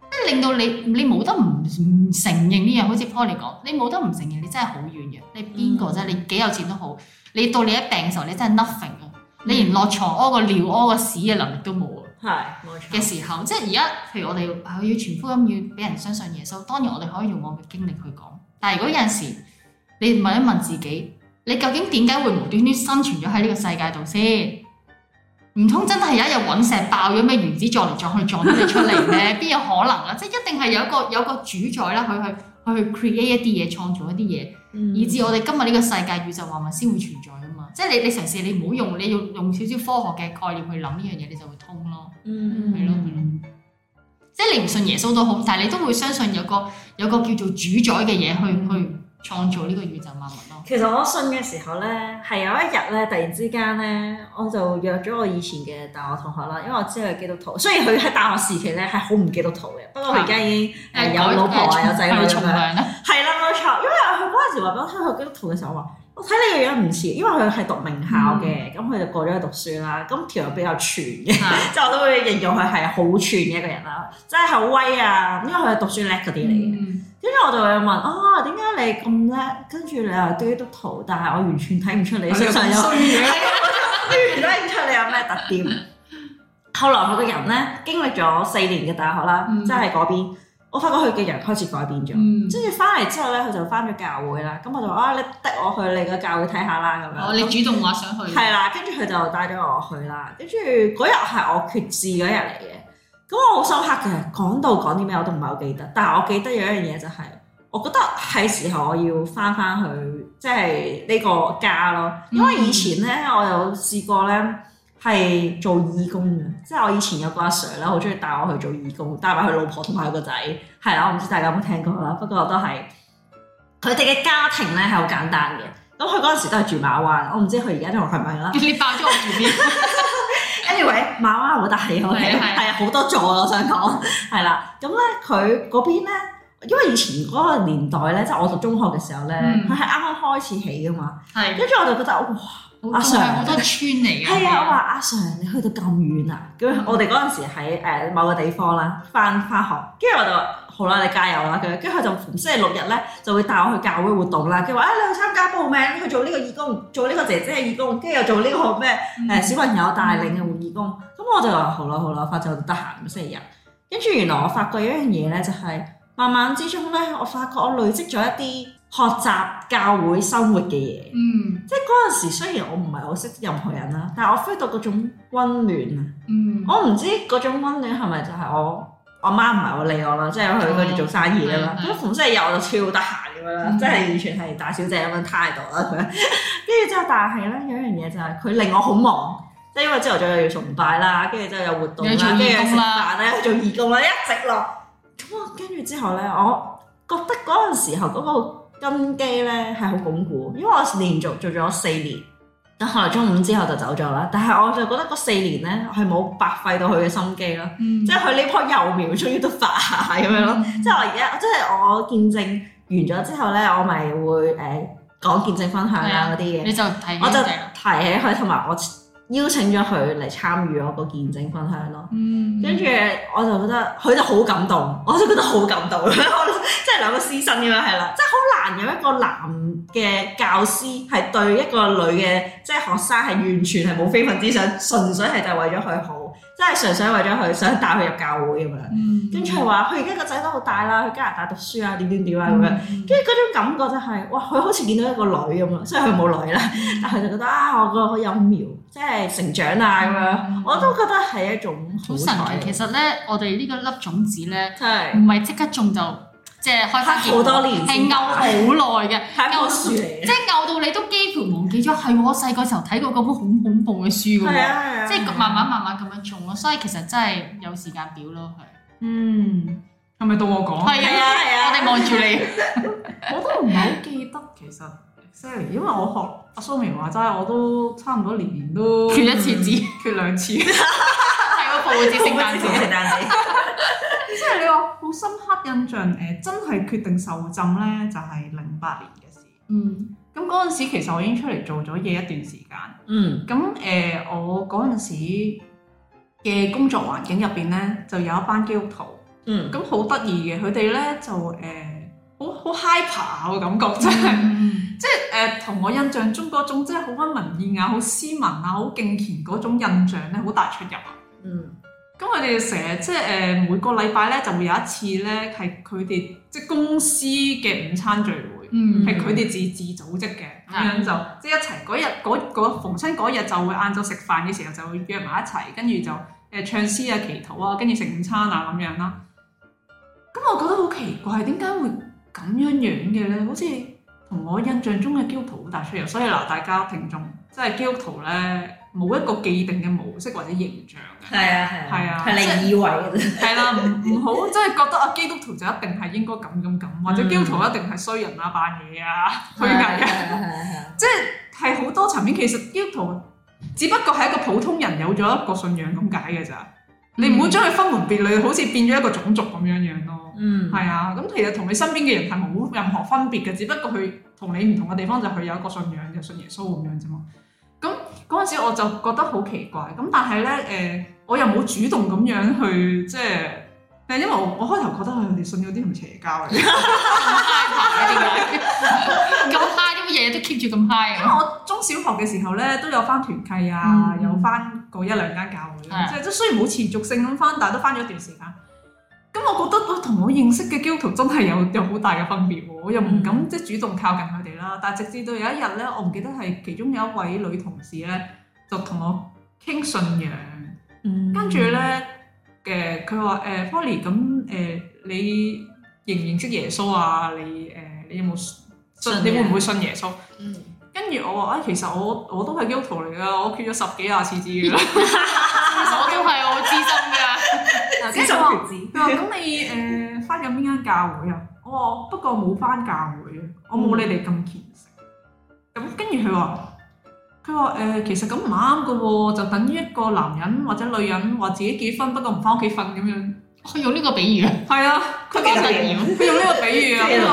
即係令到你你冇得唔唔承認呢樣。好似 Paulie 講，你冇得唔承認，你真係好軟弱。你邊個啫？你幾有錢都好，你到你一病嘅時候，你真係 nothing、啊你連落床屙個尿屙個屎嘅能力都冇啦，係冇錯嘅時候，即係而家，譬如我哋係、啊、要傳福音要俾人相信耶穌，當然我哋可以用我嘅經歷去講，但係如果有陣時你問一問自己，你究竟點解會無端端生存咗喺呢個世界度先？唔通真係有一日隕石爆咗咩原子撞嚟撞去撞到你出嚟咧？邊 有可能啊？即係一定係有一個有一個主宰啦，去去去 create 一啲嘢，創造一啲嘢，嗯、以至我哋今日呢個世界宇宙萬物先會存在。即係你，你嘗試你唔好用，你要用少少科學嘅概念去諗呢樣嘢，你就會通咯。嗯，係咯，係咯。即係你唔信耶穌都好，但係你都會相信有個有個叫做主宰嘅嘢去去創造呢個宇宙萬物咯。其實我信嘅時候咧，係有一日咧，突然之間咧，我就約咗我以前嘅大學同學啦，因為我知佢係基督徒，雖然佢喺大學時期咧係好唔基督徒嘅，不過佢而家已經有老婆有仔、啊、重咁啦、啊。係啦，冇錯，因為佢嗰陣時話俾我聽，佢基督徒嘅時候話。睇你個樣唔似，因為佢係讀名校嘅，咁佢就過咗去讀書啦。咁條又比較串嘅，就的 都會形容佢係好串嘅一個人啦，真係好威啊！因為佢係讀書叻嗰啲嚟嘅，跟住、嗯、我就會問啊：點、哦、解你咁叻？跟住你又基督徒，但係我完全睇唔出你身上有嘢，完全唔睇唔出你有咩特點。後來佢個人咧經歷咗四年嘅大學啦，嗯、即係嗰邊。我發覺佢嘅人開始改變咗，跟住翻嚟之後咧，佢就翻咗教會啦。咁我就話：啊，你逼我去你個教會睇下啦。咁樣。哦，我你主動話想去。係啦，跟住佢就帶咗我去啦。跟住嗰日係我決志嗰日嚟嘅。咁我好深刻嘅，講到講啲咩我都唔係好記得，但係我記得有一樣嘢就係、是，我覺得係時候我要翻翻去，即係呢個家咯。因為以前咧，我有試過咧。嗯嗯係做義工嘅，即係我以前有個阿 Sir 咧，好中意帶我去做義工，帶埋佢老婆同埋佢個仔，係啦，我唔知大家有冇聽過啦。不過都係佢哋嘅家庭咧係好簡單嘅，咁佢嗰陣時都係住馬灣，我唔知佢而家呢個係咪啦。你搬咗我住邊？Anyway，馬灣好大嘅，係係好多座啊！我想講係啦，咁咧佢嗰邊咧，因為以前嗰個年代咧，即係我讀中學嘅時候咧，佢係啱啱開始起嘅嘛，係，跟住我就覺得哇！阿常好多村嚟嘅，係啊！我話阿常，啊、Sir，你去到咁遠啊？咁、嗯、我哋嗰陣時喺誒、uh，某個地方啦，翻翻學，跟住我就話：好啦，你加油啦！佢跟佢就星期六日咧，就會帶我去教會活動啦。佢話：啊、哎，你去參加報名，去做呢個義工，做呢個姐姐嘅義工，跟住又做呢個咩誒、嗯啊、小朋友帶領嘅義工。咁我就話：好啦好啦，反正我得閒星期日。跟住原來我發覺有一樣嘢咧，就係、是、慢慢之中咧，我發覺我累積咗一啲，學習教會生活嘅嘢、嗯，即係嗰陣時雖然我唔係好識任何人啦，但係我 feel 到嗰種溫暖啊、嗯！我唔知嗰種溫暖係咪就係我我媽唔係好理我啦，即係去嗰度做生意啊嘛，咁逢星期日我就超得閒咁樣啦，嗯、即係完全係大小姐咁樣態度啦。跟住之後，但係咧有一樣嘢就係佢令我好忙，即係因為朝頭早又要崇拜啦，跟住之後有活動啦，食飯咧，跟住做義工啦，啊、工一直落。咁啊，跟住之後咧，我覺得嗰陣時候、那、嗰個。根基咧係好鞏固，因為我連續做咗四年，咁後來中五之後就走咗啦。但係我就覺得嗰四年咧係冇白費到佢嘅心機咯，嗯、即係佢呢棵幼苗終於都發下咁樣咯。即係我而家，即係我見證完咗之後咧，我咪會誒、欸、講見證分享啊嗰啲嘢，你就提我就提起佢同埋我，邀請咗佢嚟參與我個見證分享咯，跟住、嗯、我就覺得佢就好感動，我就覺得好感動，即 係兩個師生咁樣係啦，即係好難有一個男嘅教師係對一個女嘅即係學生係完全係冇非分之想，純粹係就係為咗佢好。真係純粹為咗佢想帶佢入教會咁樣，跟住係話佢而家個仔都好大啦，去加拿大讀書啊，點點點啊咁樣，跟住嗰種感覺就係、是，哇！佢好似見到一個女咁樣，雖然佢冇女啦，但係就覺得啊，我個好幼苗，即係成長啊咁樣，嗯、我都覺得係一種好神奇。其實咧，我哋呢個粒種子咧，唔係即刻種就。即係開好多年，係拗好耐嘅，漚書嚟，即係拗到你都幾乎忘記咗，係我細個時候睇過嗰本好恐怖嘅書咁，即係慢慢慢慢咁樣做咯，所以其實真係有時間表咯，係。嗯，係咪到我講？係啊，係啊，我哋望住你。我都唔係好記得，其實 Sally，因為我學阿蘇明話齋，我都差唔多年年都缺一次字，缺兩次。係個報字聖誕節。即係你話好深刻印象，誒、呃、真係決定受浸咧，就係零八年嘅事。嗯，咁嗰陣時其實我已經出嚟做咗嘢一段時間。嗯，咁誒、呃、我嗰陣時嘅工作環境入邊咧，就有一班基督徒。嗯，咁好得意嘅，佢哋咧就誒好好 hyper 啊，呃、hy 感覺真係，即係誒同我印象中嗰種即係好溫文爾雅、好斯文啊、好敬虔嗰種印象咧，好大出入啊。嗯。咁佢哋成日即係誒每個禮拜咧就會有一次咧係佢哋即係公司嘅午餐聚會，係佢哋自自組織嘅咁、嗯、樣就即係一齊嗰日逢親嗰日就會晏晝食飯嘅時候就會約埋一齊，跟住就誒、呃、唱詩啊、祈禱啊，跟住食午餐啊咁樣啦。咁、嗯、我覺得好奇怪，點解會咁樣樣嘅咧？好似同我印象中嘅基督徒好大出入。所以嗱，大家聽眾即係基督徒咧。冇一個既定嘅模式或者形象嘅，係啊係啊係啊，即係你以為，係啦、啊，唔唔好即係覺得啊，基督徒就一定係應該咁咁咁，或者基督徒一定係衰人啊、扮嘢啊、虛偽啊，係啊係啊係啊 即係係好多層面。其實基督徒只不過係一個普通人有咗一個信仰咁解嘅咋，嗯、你唔會將佢分門別類，好似變咗一個種族咁樣樣咯。嗯，係啊，咁其實同你身邊嘅人係冇任何分別嘅，只不過佢同你唔同嘅地方就係佢有一個信仰就信耶穌咁樣啫嘛。咁嗰陣時我就覺得好奇怪，咁但係咧誒，我又冇主動咁樣去即係，但係因為我我開頭覺得佢哋、呃、信咗啲係咪邪教嚟？咁嗨，因為日日都 keep 住咁嗨。啊！因為我中小學嘅時候咧都有返團契啊，有返過一兩間教會，即係即雖然冇持續性咁返，但係都返咗一段時間。咁我覺得我同我認識嘅基督徒真係有有好大嘅分別喎，我又唔敢即係主動靠近佢哋啦。但係直至到有一日咧，我唔記得係其中有一位女同事咧，就同我傾信仰，嗯，跟住咧誒佢話誒，Polly 咁誒，你認唔認識耶穌啊？你誒、呃、你有冇信？信仰你會唔會信耶穌？嗯。跟住我話啊，其實我我都係基督徒嚟噶，我決咗十幾廿次字噶啦， 其實我都係好資深噶。跟住佢話，咁你誒返緊邊間教會啊？我話不過冇返教會啊，我冇你哋咁虔誠。咁跟住佢話，佢話誒其實咁唔啱噶喎，就等於一個男人或者女人話自己結婚，不過唔返屋企瞓咁樣。佢用呢個比喻啊，係啊，佢講定佢用呢個比喻啊。佢話，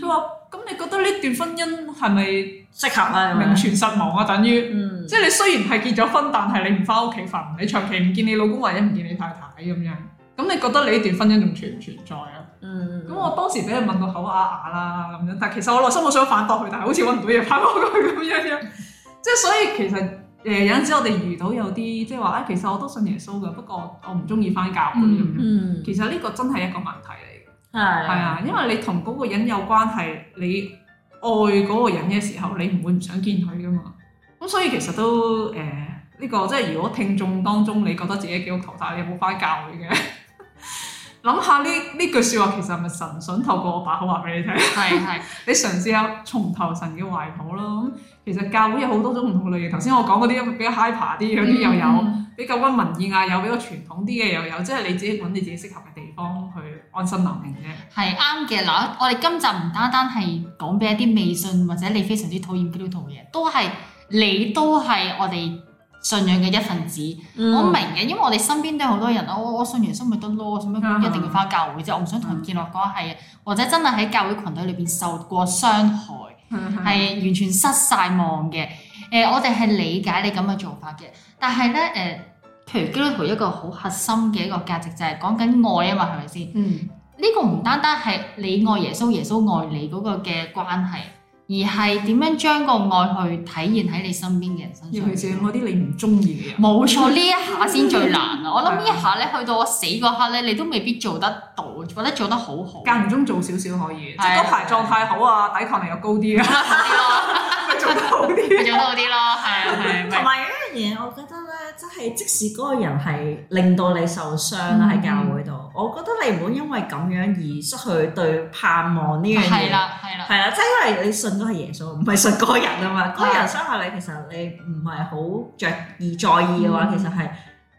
佢話咁你覺得呢段婚姻係咪？適合啦，名存實亡啊，等於，即係你雖然係結咗婚，但係你唔翻屋企瞓，你長期唔見你老公，或者唔見你太太咁樣，咁你覺得你呢段婚姻仲存唔存在啊？咁、嗯、我當時俾人問到口啞啞啦咁樣，但係其實我內心我想反駁佢，但係好似揾唔到嘢反駁佢咁樣嘅，即係所以其實誒有陣時我哋遇到有啲即係話咧，其實我都信耶穌噶，不過我唔中意翻教會咁、嗯、樣，其實呢個真係一個問題嚟嘅，係係啊，因為你同嗰個人有關係，你愛嗰個人嘅時候，你唔會唔想見佢㗎嘛？咁所以其實都誒，呢、呃這個即係如果聽眾當中你覺得自己基督徒，但係你冇返教會嘅。 諗下呢，呢句說話，其實係咪神想透過我把口話俾你聽？係、係， 你嘗試下從頭神嘅懷抱咯。咁其實教會有好多種唔同嘅類型，頭先我講嗰啲比較 hyper 啲，有啲又有比較溫文爾雅、嗯，有比較傳統啲嘅又有，即係你自己揾你自己適合嘅地方去安身立命啫。係啱嘅。嗱，我哋今集唔單單係講俾一啲未信或者你非常之討厭基督徒嘅，都係你都係我哋。信仰嘅一份子，嗯、我明嘅，因為我哋身邊都有好多人，我、哦、我信耶穌咪得咯，做咩一定要翻教會？即、嗯、我唔想同人建立關係，或者真係喺教會群體裏邊受過傷害，係、嗯嗯、完全失晒望嘅。誒、呃，我哋係理解你咁嘅做法嘅，但係咧誒，譬如基督徒一個好核心嘅一個價值就係講緊愛啊嘛，係咪先？嗯，呢個唔單單係你愛耶穌，耶穌愛你嗰個嘅關係。而係點樣將個愛去體現喺你身邊嘅人身上？要去整啲你唔中意嘅人。冇錯，呢一下先最難啊！我諗呢一下咧，去到我死嗰刻咧，你都未必做得到，覺得做得好好。間唔中做少少可以，即係嗰排狀態好啊，抵抗力又高啲啊，做得好啲，做得好啲咯，係啊係啊。同埋一樣嘢，我覺得咧，即係即使嗰個人係令到你受傷喺教會度。我覺得你唔好因為咁樣而失去對盼望呢樣嘢。係啦，係啦。係啦，即係因為你信都係耶穌，唔係信個人啊嘛。個人傷害你其實你唔係好着意在意嘅話，其實係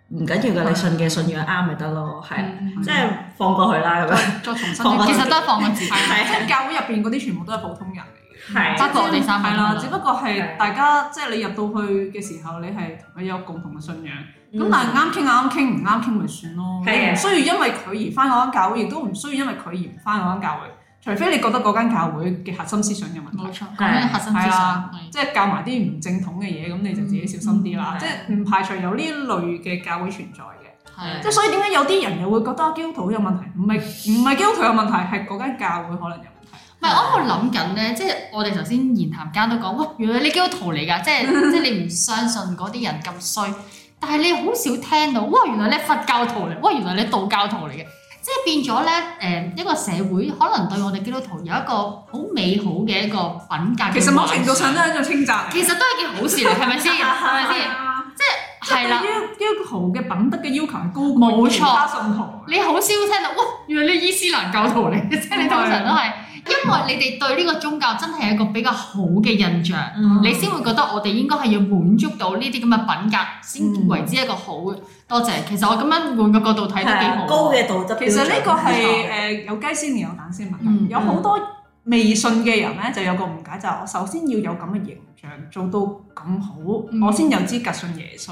唔緊要嘅。你信嘅信仰啱咪得咯，係。即係放過去啦，再重新。做其實都係放過自己。 對即係教會入邊嗰啲全部都係普通人嚟嘅，不過第三批啦，只不過係大家即係你入到去嘅時候，你係同佢有共同嘅信仰。咁但係啱傾啱傾，唔啱傾咪算咯。你唔需要因為佢而翻嗰間教會，亦都唔需要因為佢而唔翻嗰間教會，除非你覺得嗰間教會嘅核心思想有問題，冇錯，核心思想，即係教埋啲唔正統嘅嘢，咁你就自己小心啲啦。即係唔排除有呢一類嘅教會存在嘅，即係所以點解有啲人又會覺得基督徒有問題，唔係唔係基督徒有問題，係嗰間教會可能有問題。唔係我喺度諗緊咧，即係我哋頭先言談間都講，喂，原來你基督徒嚟㗎，即係即係你唔相信嗰啲人咁衰。但係你好少聽到，哇！原來你佛教徒嚟，哇！原來你道教徒嚟嘅，即係變咗咧，誒、啊、一個社會可能對我哋基督徒有一個好美好嘅一個品格。其實某程度上都係一個稱讚，其實都係件好事嚟，係咪先？係咪先？即係係啦，基督徒嘅品德嘅要求係高過其他信徒。你好少聽到，哇！原來你伊斯蘭教徒嚟，即係 你通常都係。因為你哋對呢個宗教真係一個比較好嘅印象，嗯、你先會覺得我哋應該係要滿足到呢啲咁嘅品格先為之一個好。嗯、多謝，其實我咁樣換個角度睇都幾好，高嘅道德。其實呢個係誒、嗯呃、有雞先嚟有蛋先埋，嗯、有好多未信嘅人咧就有個誤解，就係、我首先要有咁嘅形象做到咁好，嗯、我先有資格信耶穌。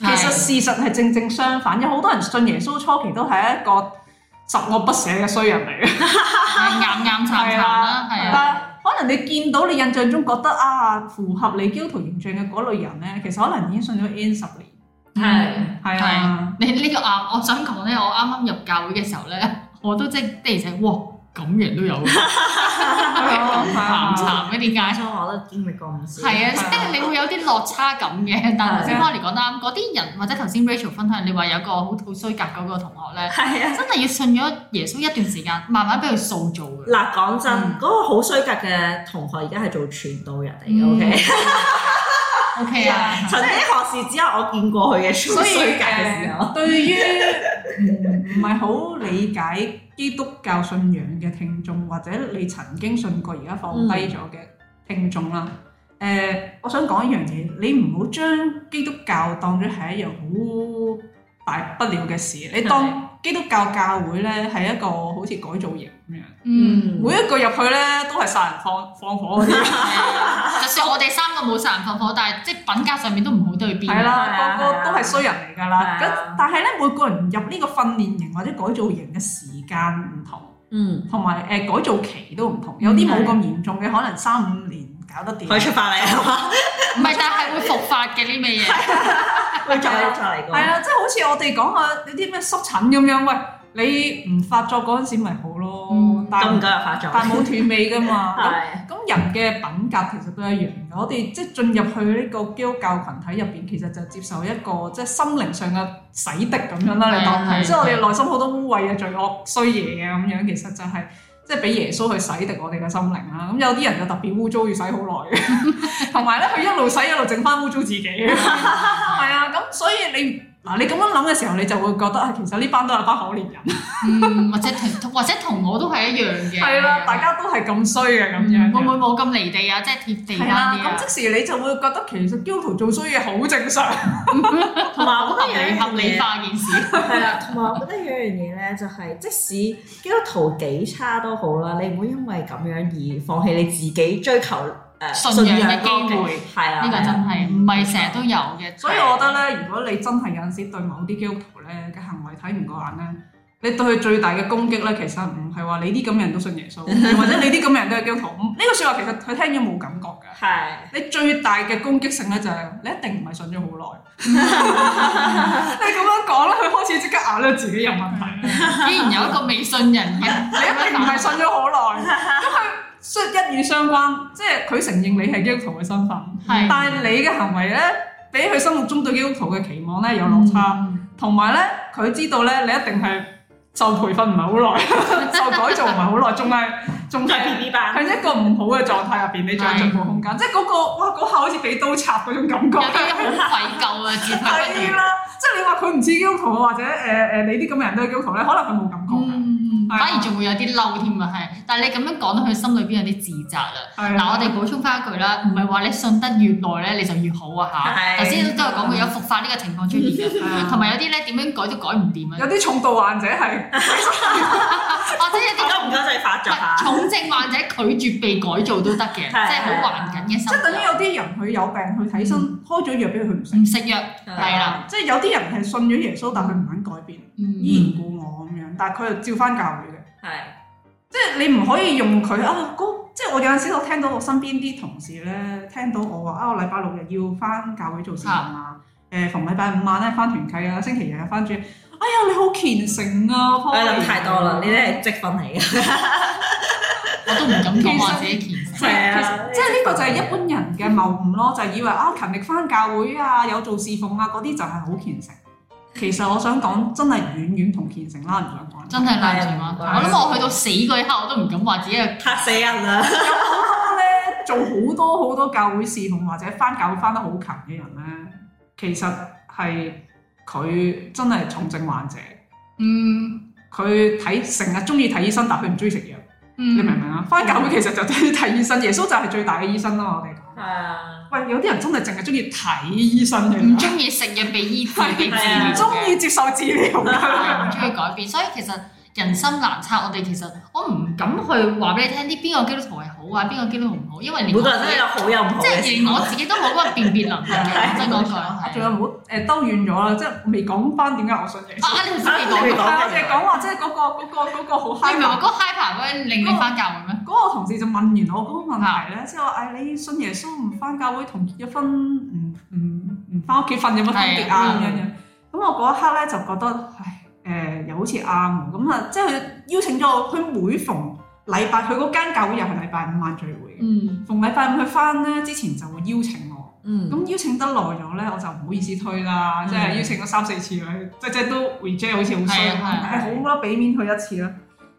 嗯、其實事實係正正相反，有好多人信耶穌初期都係一個。十惡不赦嘅衰人嚟嘅， 奄奄殘殘啦。 但係可能你見到你印象中覺得啊符合你基督徒形象嘅嗰類人呢，其實可能已經信咗 N 十年。係係啊，你呢、呢個啊，我想講呢，我啱啱入教會嘅時候呢，我都即係地死喎。咁嘅人都有，慘慘嘅點解？我覺得經歷過唔少。係啊，即係你會有啲落差感嘅。但頭先，我嚟講得啱嗰啲人，或者頭先 Rachel 分享，你話有個好好衰格嗰個同學咧，係啊，真係要信咗耶穌一段時間，慢慢俾佢塑造嘅。嗱，講真，嗰個好衰格嘅同學而家係做傳道人嚟嘅，OK，OK 啊，曾經何時只有我見過佢嘅衰格嘅時候，對於唔唔係好理解。基督教信仰嘅聽眾，或者你曾經信過而家放低咗嘅聽眾啦，誒、嗯呃，我想講一樣嘢，你唔好將基督教當咗係一樣好大不了嘅事，你當基督教教會咧係一個好似改造營咁樣，嗯、每一個入去咧都係殺人放放火嘅。 就算我哋三個冇殺人放火，但係即品格上面都唔好得去邊，個、啊、個都係衰人嚟㗎啦。咁、啊啊、但係咧，每個人入呢個訓練營或者改造營嘅時間唔同，同埋誒改造期都唔同。有啲冇咁嚴重嘅，可能三五年搞得掂，佢出發嚟啦。唔係 是， 但係會復發嘅呢味嘢。 喂，係啊！即係好似我哋講下你啲咩濕疹咁樣，喂你唔發作嗰陣時咪好咯，嗯、但係唔夠人發作，但冇斷尾㗎嘛。咁 的人嘅品格其實都一樣。我哋即係進入去呢個基督教群體入邊，其實就接受一個即係心靈上嘅洗滌咁樣啦。的你當係的即係我哋內心好多污穢啊、罪惡衰嘢啊咁樣，其實就係、是、即係俾耶穌去洗滌我哋嘅心靈啦。咁有啲人就特別污糟要洗好耐，同埋咧佢一路洗一路整翻污糟自己，係啊。所以你嗱，你咁樣諗嘅時候，你就會覺得係其實呢班都係班可憐人，嗯，或者同或者同我都係一樣嘅，係啦， 大家都係咁衰嘅咁樣，會唔會冇咁離地啊？即係貼地啦。咁即時你就會覺得其實基督徒做衰嘢好正常，同埋好合理，合理化件事。係啦 了，同埋 我覺得有一樣嘢咧，就係即使基督徒 o 幾差都好啦，你唔會因為咁樣而放棄你自己追求信仰嘅機會，係啊、嗯，呢個真係唔係成日都有嘅。所以我覺得咧，如果你真係有陣時對某啲基督徒咧嘅行為睇唔過眼咧，你對佢最大嘅攻擊咧，其實唔係話你啲咁嘅人都信耶穌，或者你啲咁嘅人都係基督徒。呢 個説話其實佢聽咗冇感覺㗎。係 你最大嘅攻擊性咧，就係，就係你一定唔係信咗好耐。 你咁樣講咧，佢開始即刻眼略自己有問題。依 然有一個未信人嘅， 你一定唔係信咗好耐。咁佢。出一語相關，即係佢承認你係基督徒嘅身份，是但係你嘅行為咧，俾佢心目中對基督徒嘅期望咧有落差，同埋咧佢知道咧你一定係受培訓唔係好耐， 受改造唔係好耐，仲係仲係 B B 吧，係一個唔好嘅狀態入邊，你仲有進步空間，的即係嗰、那個哇嗰下好似俾刀插嗰種感覺，有啲好愧疚嘅自己。係啦， 即、就、係、是、你話佢唔似基督徒或者誒誒、呃、你啲咁嘅人都係基督徒咧，可能佢冇感覺。嗯反而仲會有啲嬲添啊，係，但係你咁樣講，咧佢心裏邊有啲自責啦。嗱，我哋補充翻一句啦，唔係話你信得越耐咧，你就越好啊，吓，頭先都係講過有復發呢個情況出現嘅，同埋有啲咧點樣改都改唔掂啊。有啲重度患者係，或者有啲唔重症患者拒絕被改造都得嘅，即係好硬頸嘅心。即等於有啲人佢有病，佢睇醫生開咗藥俾佢，唔食。唔食藥係啦，即係有啲人係信咗耶穌，但佢唔肯改變，依然故我咁樣。但佢又照翻教會嘅，即係你唔可以用佢啊！即係我有陣時我聽到我身邊啲同事咧，聽到我話啊，我禮拜六日要翻教會做侍奉啊，誒逢禮拜五晚咧翻團契啊，星期日翻住。哎呀，你好虔誠啊！我諗太多啦，你係積分嚟嘅，我都唔敢講話自己虔誠。即係呢個就係一般人嘅謬誤咯，就係以為啊，勤力翻教會啊，有做侍奉啊，嗰啲就係好虔誠。其實我想講，真係遠遠同虔誠啦。拉唔上關係，真係拉唔上關係，我諗我去到死嗰一刻，我都唔敢話自己嚇死人啦。咧 做好多好多教會事奉或者翻教會翻得好勤嘅人咧，其實係佢真係重症患者。嗯，佢睇成日中意睇醫生，但佢唔中意食藥。嗯、你明唔明啊？翻教會其實就真係睇醫生，嗯、耶穌就係最大嘅醫生啦，我哋講。係啊。有啲人真係淨係中意睇醫生嘅，唔中意食嘢俾醫費嘅，唔中意 接受治療，㗎，唔中意改變，所以其實。人心難測，我哋，其實我唔敢去話俾你聽啲邊個基督徒係好啊，邊個基督徒唔好，因為你每個人都有好有唔好。即係連我自己都冇乜辨別能力。嘅。真仲有唔好誒兜遠咗啦，即係未講翻點解我信耶穌。啊，你唔知未講完啊？你講話即係嗰個嗰個嗰個好嗨。你唔係話嗰個嗨棚嗰陣令你翻教會咩？嗰個同事就問完我嗰個問題咧，即係話誒你信耶穌唔翻教會同結咗婚唔唔唔翻屋企瞓有乜分別啊？咁樣咁我嗰一刻咧就覺得。好似啱喎，咁啊，即係佢邀請咗我。佢每逢禮拜，佢嗰間教會又係禮拜五晚聚會。嗯，逢禮拜五去翻咧，之前就會邀請我。嗯，咁邀請得耐咗咧，我就唔好意思推啦。嗯、即係邀請咗三四次，即即、嗯、都 reject，好似、嗯、好衰。係係，好啦，俾面佢一次啦。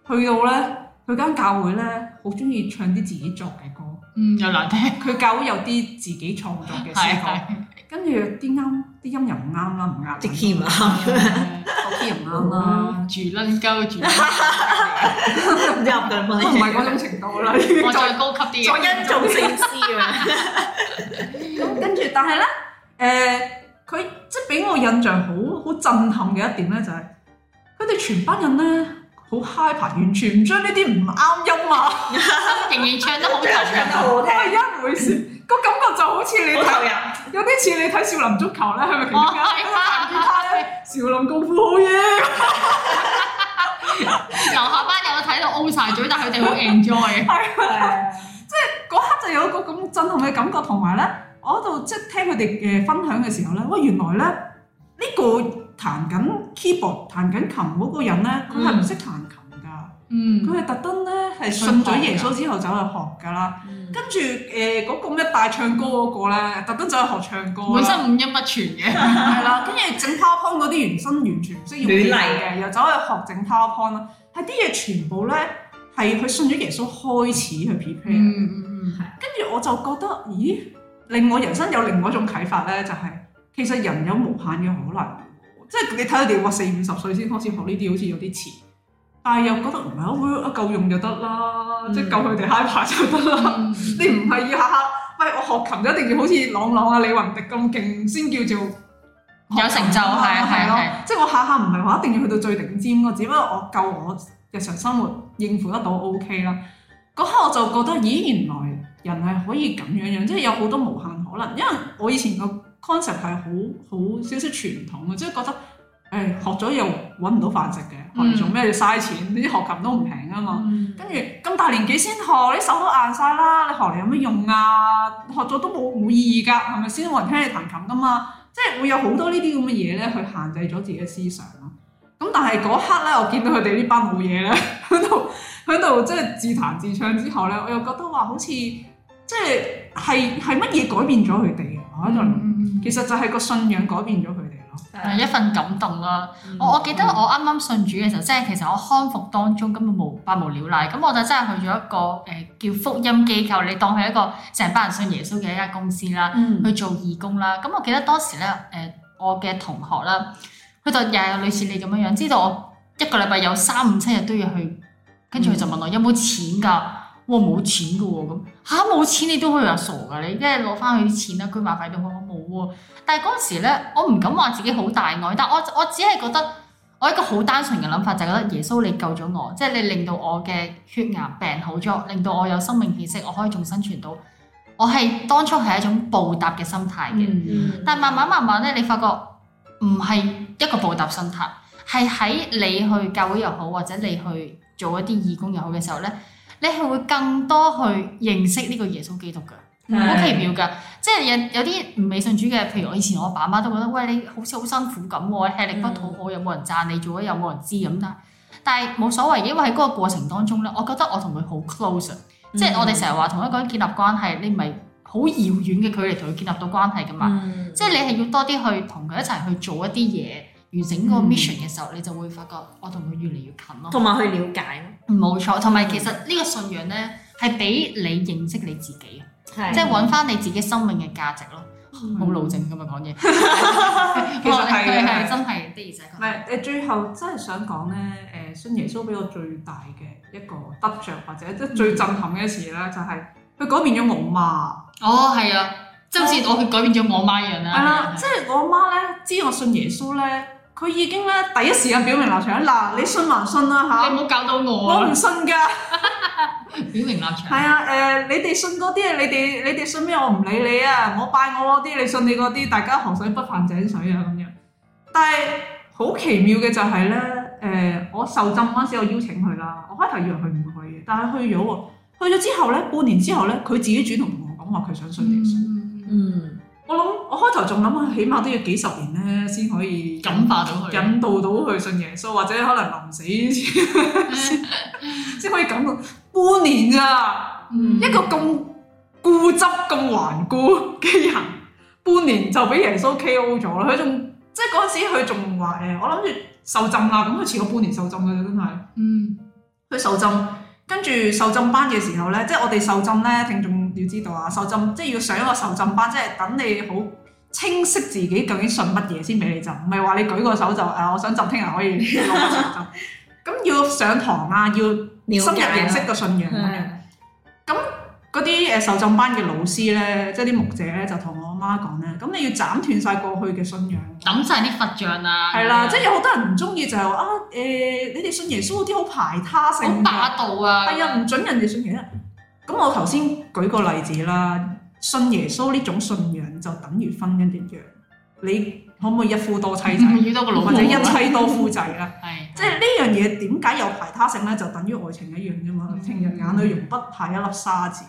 去到咧，佢間教會咧，好中意唱啲自己作嘅歌。嗯，又難聽。佢 教會有啲自己創作嘅詩歌，係係。跟住啲啱。啲音又唔啱啦，唔啱。即啲氣唔啱，口啲又唔啱啦。住撚鳩住。啦，唔入、嗯，但唔係。唔係嗰種程度啦。再高級啲。再恩重情深。咁跟住，但係咧，誒，佢即係俾我印象好好震撼嘅一點咧、就係，就係佢哋全班人咧好 hyper 完全唔將呢啲唔啱音啊，仍 然全部全部都一樣模式，個感覺就好似你睇，人有啲似你睇少林足球咧，係咪點解？少林功夫好嘢！由下班有睇到 O 曬嘴，但係佢哋好 enjoy。係 啊，即係嗰刻就有個咁震撼嘅感覺，同埋咧，我喺度即係聽佢哋嘅分享嘅時候咧，喂，原來咧呢、呢個彈緊 keyboard、彈緊琴嗰個人咧，佢係唔識彈琴。嗯，佢係特登咧，係信咗耶穌之後走去學噶啦，嗯、跟住誒嗰個咩大唱歌嗰個咧，嗯、特登走去學唱歌，本身五音不全嘅，係啦， 跟住整 powerpoint 嗰啲原生完全唔識用電腦嘅，啊、又走去學整 powerpoint 啦，係啲嘢全部咧係去信咗耶穌開始去 prepare，嗯嗯嗯，係的，跟住我就覺得，咦，令我人生有另外一種啟發咧，就係、是、其實人有無限嘅可能，即係你睇佢哋話四五十歲先開始學呢啲，好似有啲遲。但係又覺得唔係啊，一夠用就得啦，即係夠佢哋嗨怕就得啦。你唔係要下下，喂，我學琴一定要好似朗朗啊、李雲迪咁勁先叫做有成就，係啊，係咯，即係我下下唔係話一定要去到最頂尖囉，只不過我夠我日常生活應付得到 O K 啦。嗰刻我就覺得，咦，原來人係可以咁樣樣，即係有好多無限可能。因為我以前個 concept 係好好少少傳統嘅，即係覺得。誒學咗又揾唔到飯食嘅，嗯、學嚟做咩要嘥錢？呢啲學琴都唔平㗎嘛，跟住咁大年紀先學，你手都硬晒啦，你學嚟有咩用啊？學咗都冇冇意義㗎，係咪先？冇人聽你彈琴㗎嘛。即係會有好多呢啲咁嘅嘢咧，去限制咗自己嘅思想咯。咁但係嗰刻咧，我見到佢哋呢班冇嘢咧，喺度喺度即係自彈自唱之後咧，我又覺得話好似即係係係乜嘢改變咗佢哋啊？我就諗，其實就係個信仰改變咗佢。對一份感動啦！嗯、我我記得我啱啱信主嘅時候，即係其實我康復當中根本無百無聊賴，咁我就真係去咗一個誒、呃、叫福音機構，你當佢一個成班人信耶穌嘅一家公司啦，嗯、去做義工啦。咁我記得當時咧誒、呃，我嘅同學啦，佢就又有類似你咁樣樣，嗯、知道我一個禮拜有三五七日都要去，跟住佢就問我有冇錢㗎？我冇錢嘅喎、哦，咁、啊、吓，冇錢你都可以話傻噶，你即係攞翻佢啲錢啦。佢麻煩到我冇喎、哦哦，但係嗰陣時咧，我唔敢話自己好大愛，但我我只係覺得我一個好單純嘅諗法就係覺得耶穌你救咗我，即係你令到我嘅血癌病好咗，令到我有生命意識，我可以仲生存到。我係當初係一種報答嘅心態嘅，嗯、但係慢慢慢慢咧，你發覺唔係一個報答心態，係喺你去教會又好，或者你去做一啲義工又好嘅時候咧。你係會更多去認識呢個耶穌基督噶，好、嗯、奇妙噶，是即係有有啲唔美信主嘅。譬如我以前我爸媽都覺得，喂你好似好辛苦咁，吃力不討好、嗯，有冇人讚你做咗，有冇人知咁、嗯、但係冇所謂，因為喺嗰個過程當中咧，我覺得我同佢好 close，即係我哋成日話同一個人建立關係，你唔係好遙遠嘅距離同佢建立到關係噶嘛，即係、嗯嗯、你係要多啲去同佢一齊去做一啲嘢。完整個 mission 嘅時候，你就會發覺我同佢越嚟越近咯，同埋去了解咯、啊。冇錯，同埋其實呢個信仰咧，係俾你認識你自己，即係揾翻你自己生命嘅價值咯。冇 t ale 路證咁啊講嘢， 其實係是 真係的而且確。唔係最後真係想講咧？誒，信耶穌俾我最大嘅一個得着，或者即係最震撼嘅事咧、就是，就係佢改變咗我媽。哦，係啊，即係好似我佢改變咗我媽一樣啦。係啦、啊，即、就、係、是、我媽咧，知我信耶穌咧。嗯嗯。佢已經咧第一時間表明立場，嗱，你信還信啦、啊，嚇、啊？你唔好搞到我。我唔信㗎。 表明立場。係啊，誒、呃，你哋信嗰啲啊，你哋你哋信咩？我唔理你啊，我拜我嗰啲，你信你嗰啲，大家河水不犯井水啊咁樣。但係好奇妙嘅就係、是、咧，誒、呃，我受浸嗰時我邀請佢啦，我開頭以為佢唔會去嘅，但係去咗喎。去咗之後咧，半年之後咧，佢自己主動同我講話，佢想信耶穌、嗯。嗯。我諗，我開頭仲諗下，起碼都要幾十年咧，先可以感化到佢，引導到佢信耶穌，或者可能臨死先先 才 可以感到半年咋、啊，嗯、一個咁固執咁頑固嘅人，半年就俾耶穌 KO 咗啦。佢仲即係嗰陣時，佢仲話誒，我諗住受浸啦，咁佢似咗半年受浸嘅真係。嗯，佢受浸，跟住受浸班嘅時候咧，即係我哋受浸咧，聽眾。要知道啊，受浸即係要上一個受浸班，即係等你好清晰自己究竟信乜嘢先俾你浸，唔係話你舉個手就誒、啊，我想浸，聽日可以受浸。咁 要上堂啊，要深入認識個信仰啊。咁嗰啲誒受浸班嘅老師咧，即係啲牧者咧，就同我媽講咧，咁你要斬斷晒過去嘅信仰，抌晒啲佛像的的啊。係啦，即係有好多人唔中意就係話啊，誒，你哋信耶穌嗰啲好排他性，好霸道啊，係啊，唔准人哋信耶穌。咁我頭先舉個例子啦，信耶穌呢種信仰就等於婚姻一樣，你可唔可以一夫多妻制，或者一妻多夫制咧？係 的，即係呢樣嘢點解有排他性咧？就等於愛情一樣啫嘛，情人眼裏容不下一粒沙子。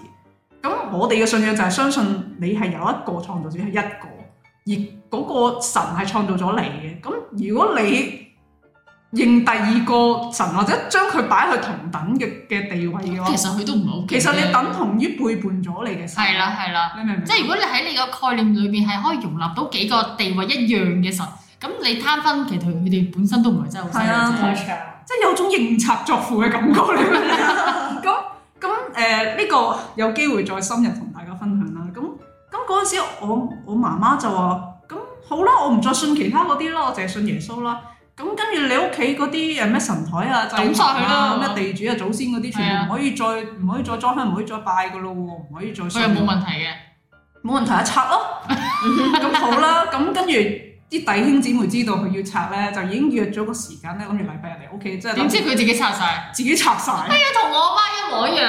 咁、嗯、我哋嘅信仰就係相信你係有一個創造主係一個，而嗰個神係創造咗你嘅。咁如果你認第二個神或者將佢擺去同等嘅嘅地位嘅話，其實佢都唔係好。其實你等同於背叛咗你嘅神。係啦係啦，你明唔明？即係如果你喺你個概念裏面係可以容納到幾個地位一樣嘅神，咁你攤分，其實佢哋本身都唔係真係好犀利。即係有種認賊作父嘅感覺嚟。咁咁誒呢個有機會再深入同大家分享啦。咁咁嗰陣時我，我我媽媽就話，咁好啦，我唔再信其他嗰啲咯，我淨係信耶穌啦。咁跟住你屋企嗰啲誒咩神台啊，抌晒佢啦！咩地主啊、祖先嗰啲全部唔可以再唔可以再裝香，唔可以再拜噶咯，唔可以再上。佢冇問題嘅，冇問題啊，拆咯。咁好啦，咁跟住啲弟兄姊妹知道佢要拆咧，就已經約咗個時間咧，諗住禮拜人嚟屋企。即係點知佢自己拆晒，自己拆晒。哎呀，同我媽一模一樣。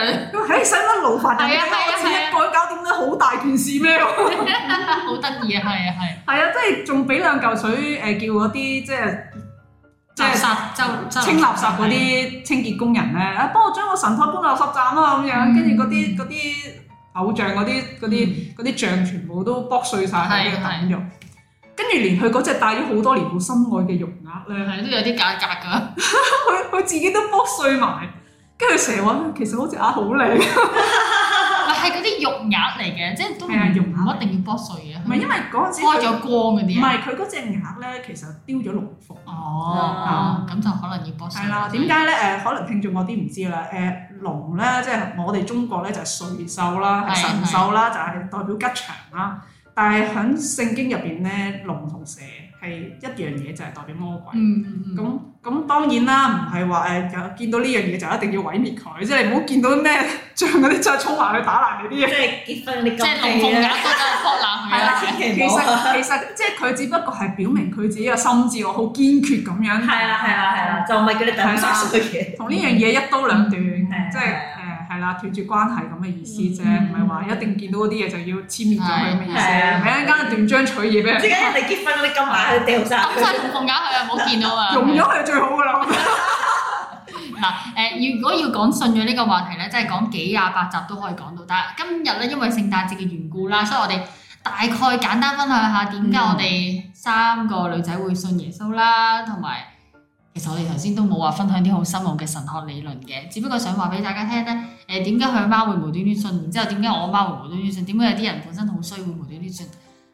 哎，使乜勞煩？係啊係啊，自己一搞掂，點解好大件事咩？好得意啊！係啊係。係啊，即係仲俾兩嚿水誒，叫嗰啲即係。即係清垃圾嗰啲清潔工人咧，的啊，幫我將個神台搬垃圾站啊。咁樣，嗯，跟住嗰啲嗰啲偶像嗰啲嗰啲嗰啲像全部都剝碎晒喺個底肉。跟住連佢嗰隻戴咗好多年好深愛嘅玉鈪咧，都有啲價格噶，佢佢 自己都剝碎埋，跟住成日話其實嗰隻鈪好靚。 係嗰啲肉鴨嚟嘅，即係都係肉唔一定要剝碎嘅。唔係因為嗰陣時開咗光嗰啲。唔係佢嗰隻鴨咧，其實雕咗龍鳳。哦，咁、嗯、就可能要剝碎。係啦以，點解咧？誒，可能聽眾我啲唔知啦。誒、呃，龍咧，即、就、係、是、我哋中國咧就係瑞獸啦，的神獸啦，的就係代表吉祥啦。但係喺聖經入邊咧，龍同蛇。係一樣嘢就係代表魔鬼，咁咁、嗯嗯、當然啦，唔係話誒見到呢樣嘢就一定要毀滅佢，就是嗯，即係你唔好見到咩將嗰啲再衝埋去打爛嗰啲嘢。即係結婚，你咁離啊！係啦、啊， 其實其實即係佢只不過係表明佢自己嘅心志，好堅決咁樣。係啦係啦係啦，就唔係叫你揼碎嘢，同呢樣嘢一刀兩斷，即係、啊。 係啦，斷絕關係咁嘅意思啫，唔係話一定見到啲嘢就要撕滅咗佢咁嘅意思。一陣間斷章取義咩？而家人哋結婚嗰啲金買地豪生抌晒同鳳雅去啊，冇見對 到啊，用咗係最好噶啦。嗱，誒，如果要講信仰呢個話題咧，真係講幾廿八集都可以講到。但今日咧，因為聖誕節嘅緣故啦，所以我哋大概簡單分享下點解我哋三個女仔會信耶穌啦，同埋。其實我哋頭先都冇話分享啲好深奧嘅神學理論嘅，只不過想話俾大家聽咧。誒，點解佢阿媽會無端端信？然之後點解我阿媽，媽會無端端信？點解有啲人本身好衰會無端端信？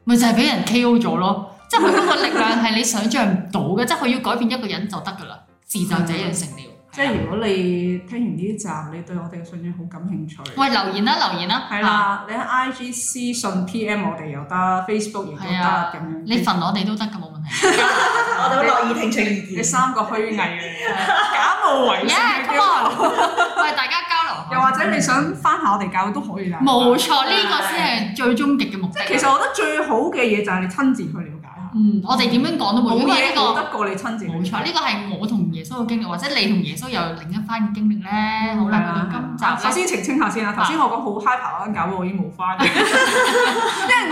咪就係、是、俾人 KO 咗咯。即係佢嗰個力量係你想象唔到嘅。 即係佢要改變一個人就得㗎啦，自就者人成就。 即係如果你聽完呢一集，你對我哋嘅信仰好感興趣。喂，留言啦，留言啦，係啦，你喺 I G 私信 P M 我哋又得 Facebook 亦都得咁樣，你份我哋都得㗎，冇問題，我哋會樂意聽取意見。你三個虛偽嚟嘅，假冒偽善嘅，交流，為大家交流。又或者你想翻下我哋教都可以啦。冇錯，呢個先係最終極嘅目的。其實我覺得最好嘅嘢就係你親自去了解。嗯，我哋點樣講都冇嘢，冇得過你親自。冇錯，呢個係我同。所經歷，或者你同耶穌有另一番嘅經歷咧，好啦、啊，可可今集首、啊、先澄清下先啦，頭先我講好 high 爬山搞我已經冇返，因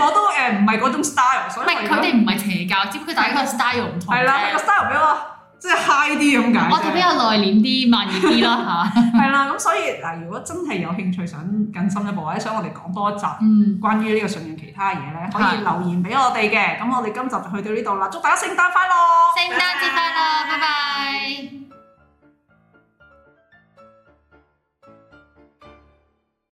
為我都誒唔係嗰種 style。所以佢哋唔係邪教，只不過大家個 style 唔同咧。係啦、啊，個 style 俾我。即係嗨啲咁解，我哋比較內斂啲，慢熱啲咯吓，係啦，咁所以嗱，如果真係有興趣想更深一步，或者想我哋講多一集，嗯，關於呢個信任其他嘢咧，可以留言俾我哋嘅。咁、嗯、我哋今集就去到呢度啦，祝大家聖誕快樂！聖誕節快樂，拜拜 bye。Bye bye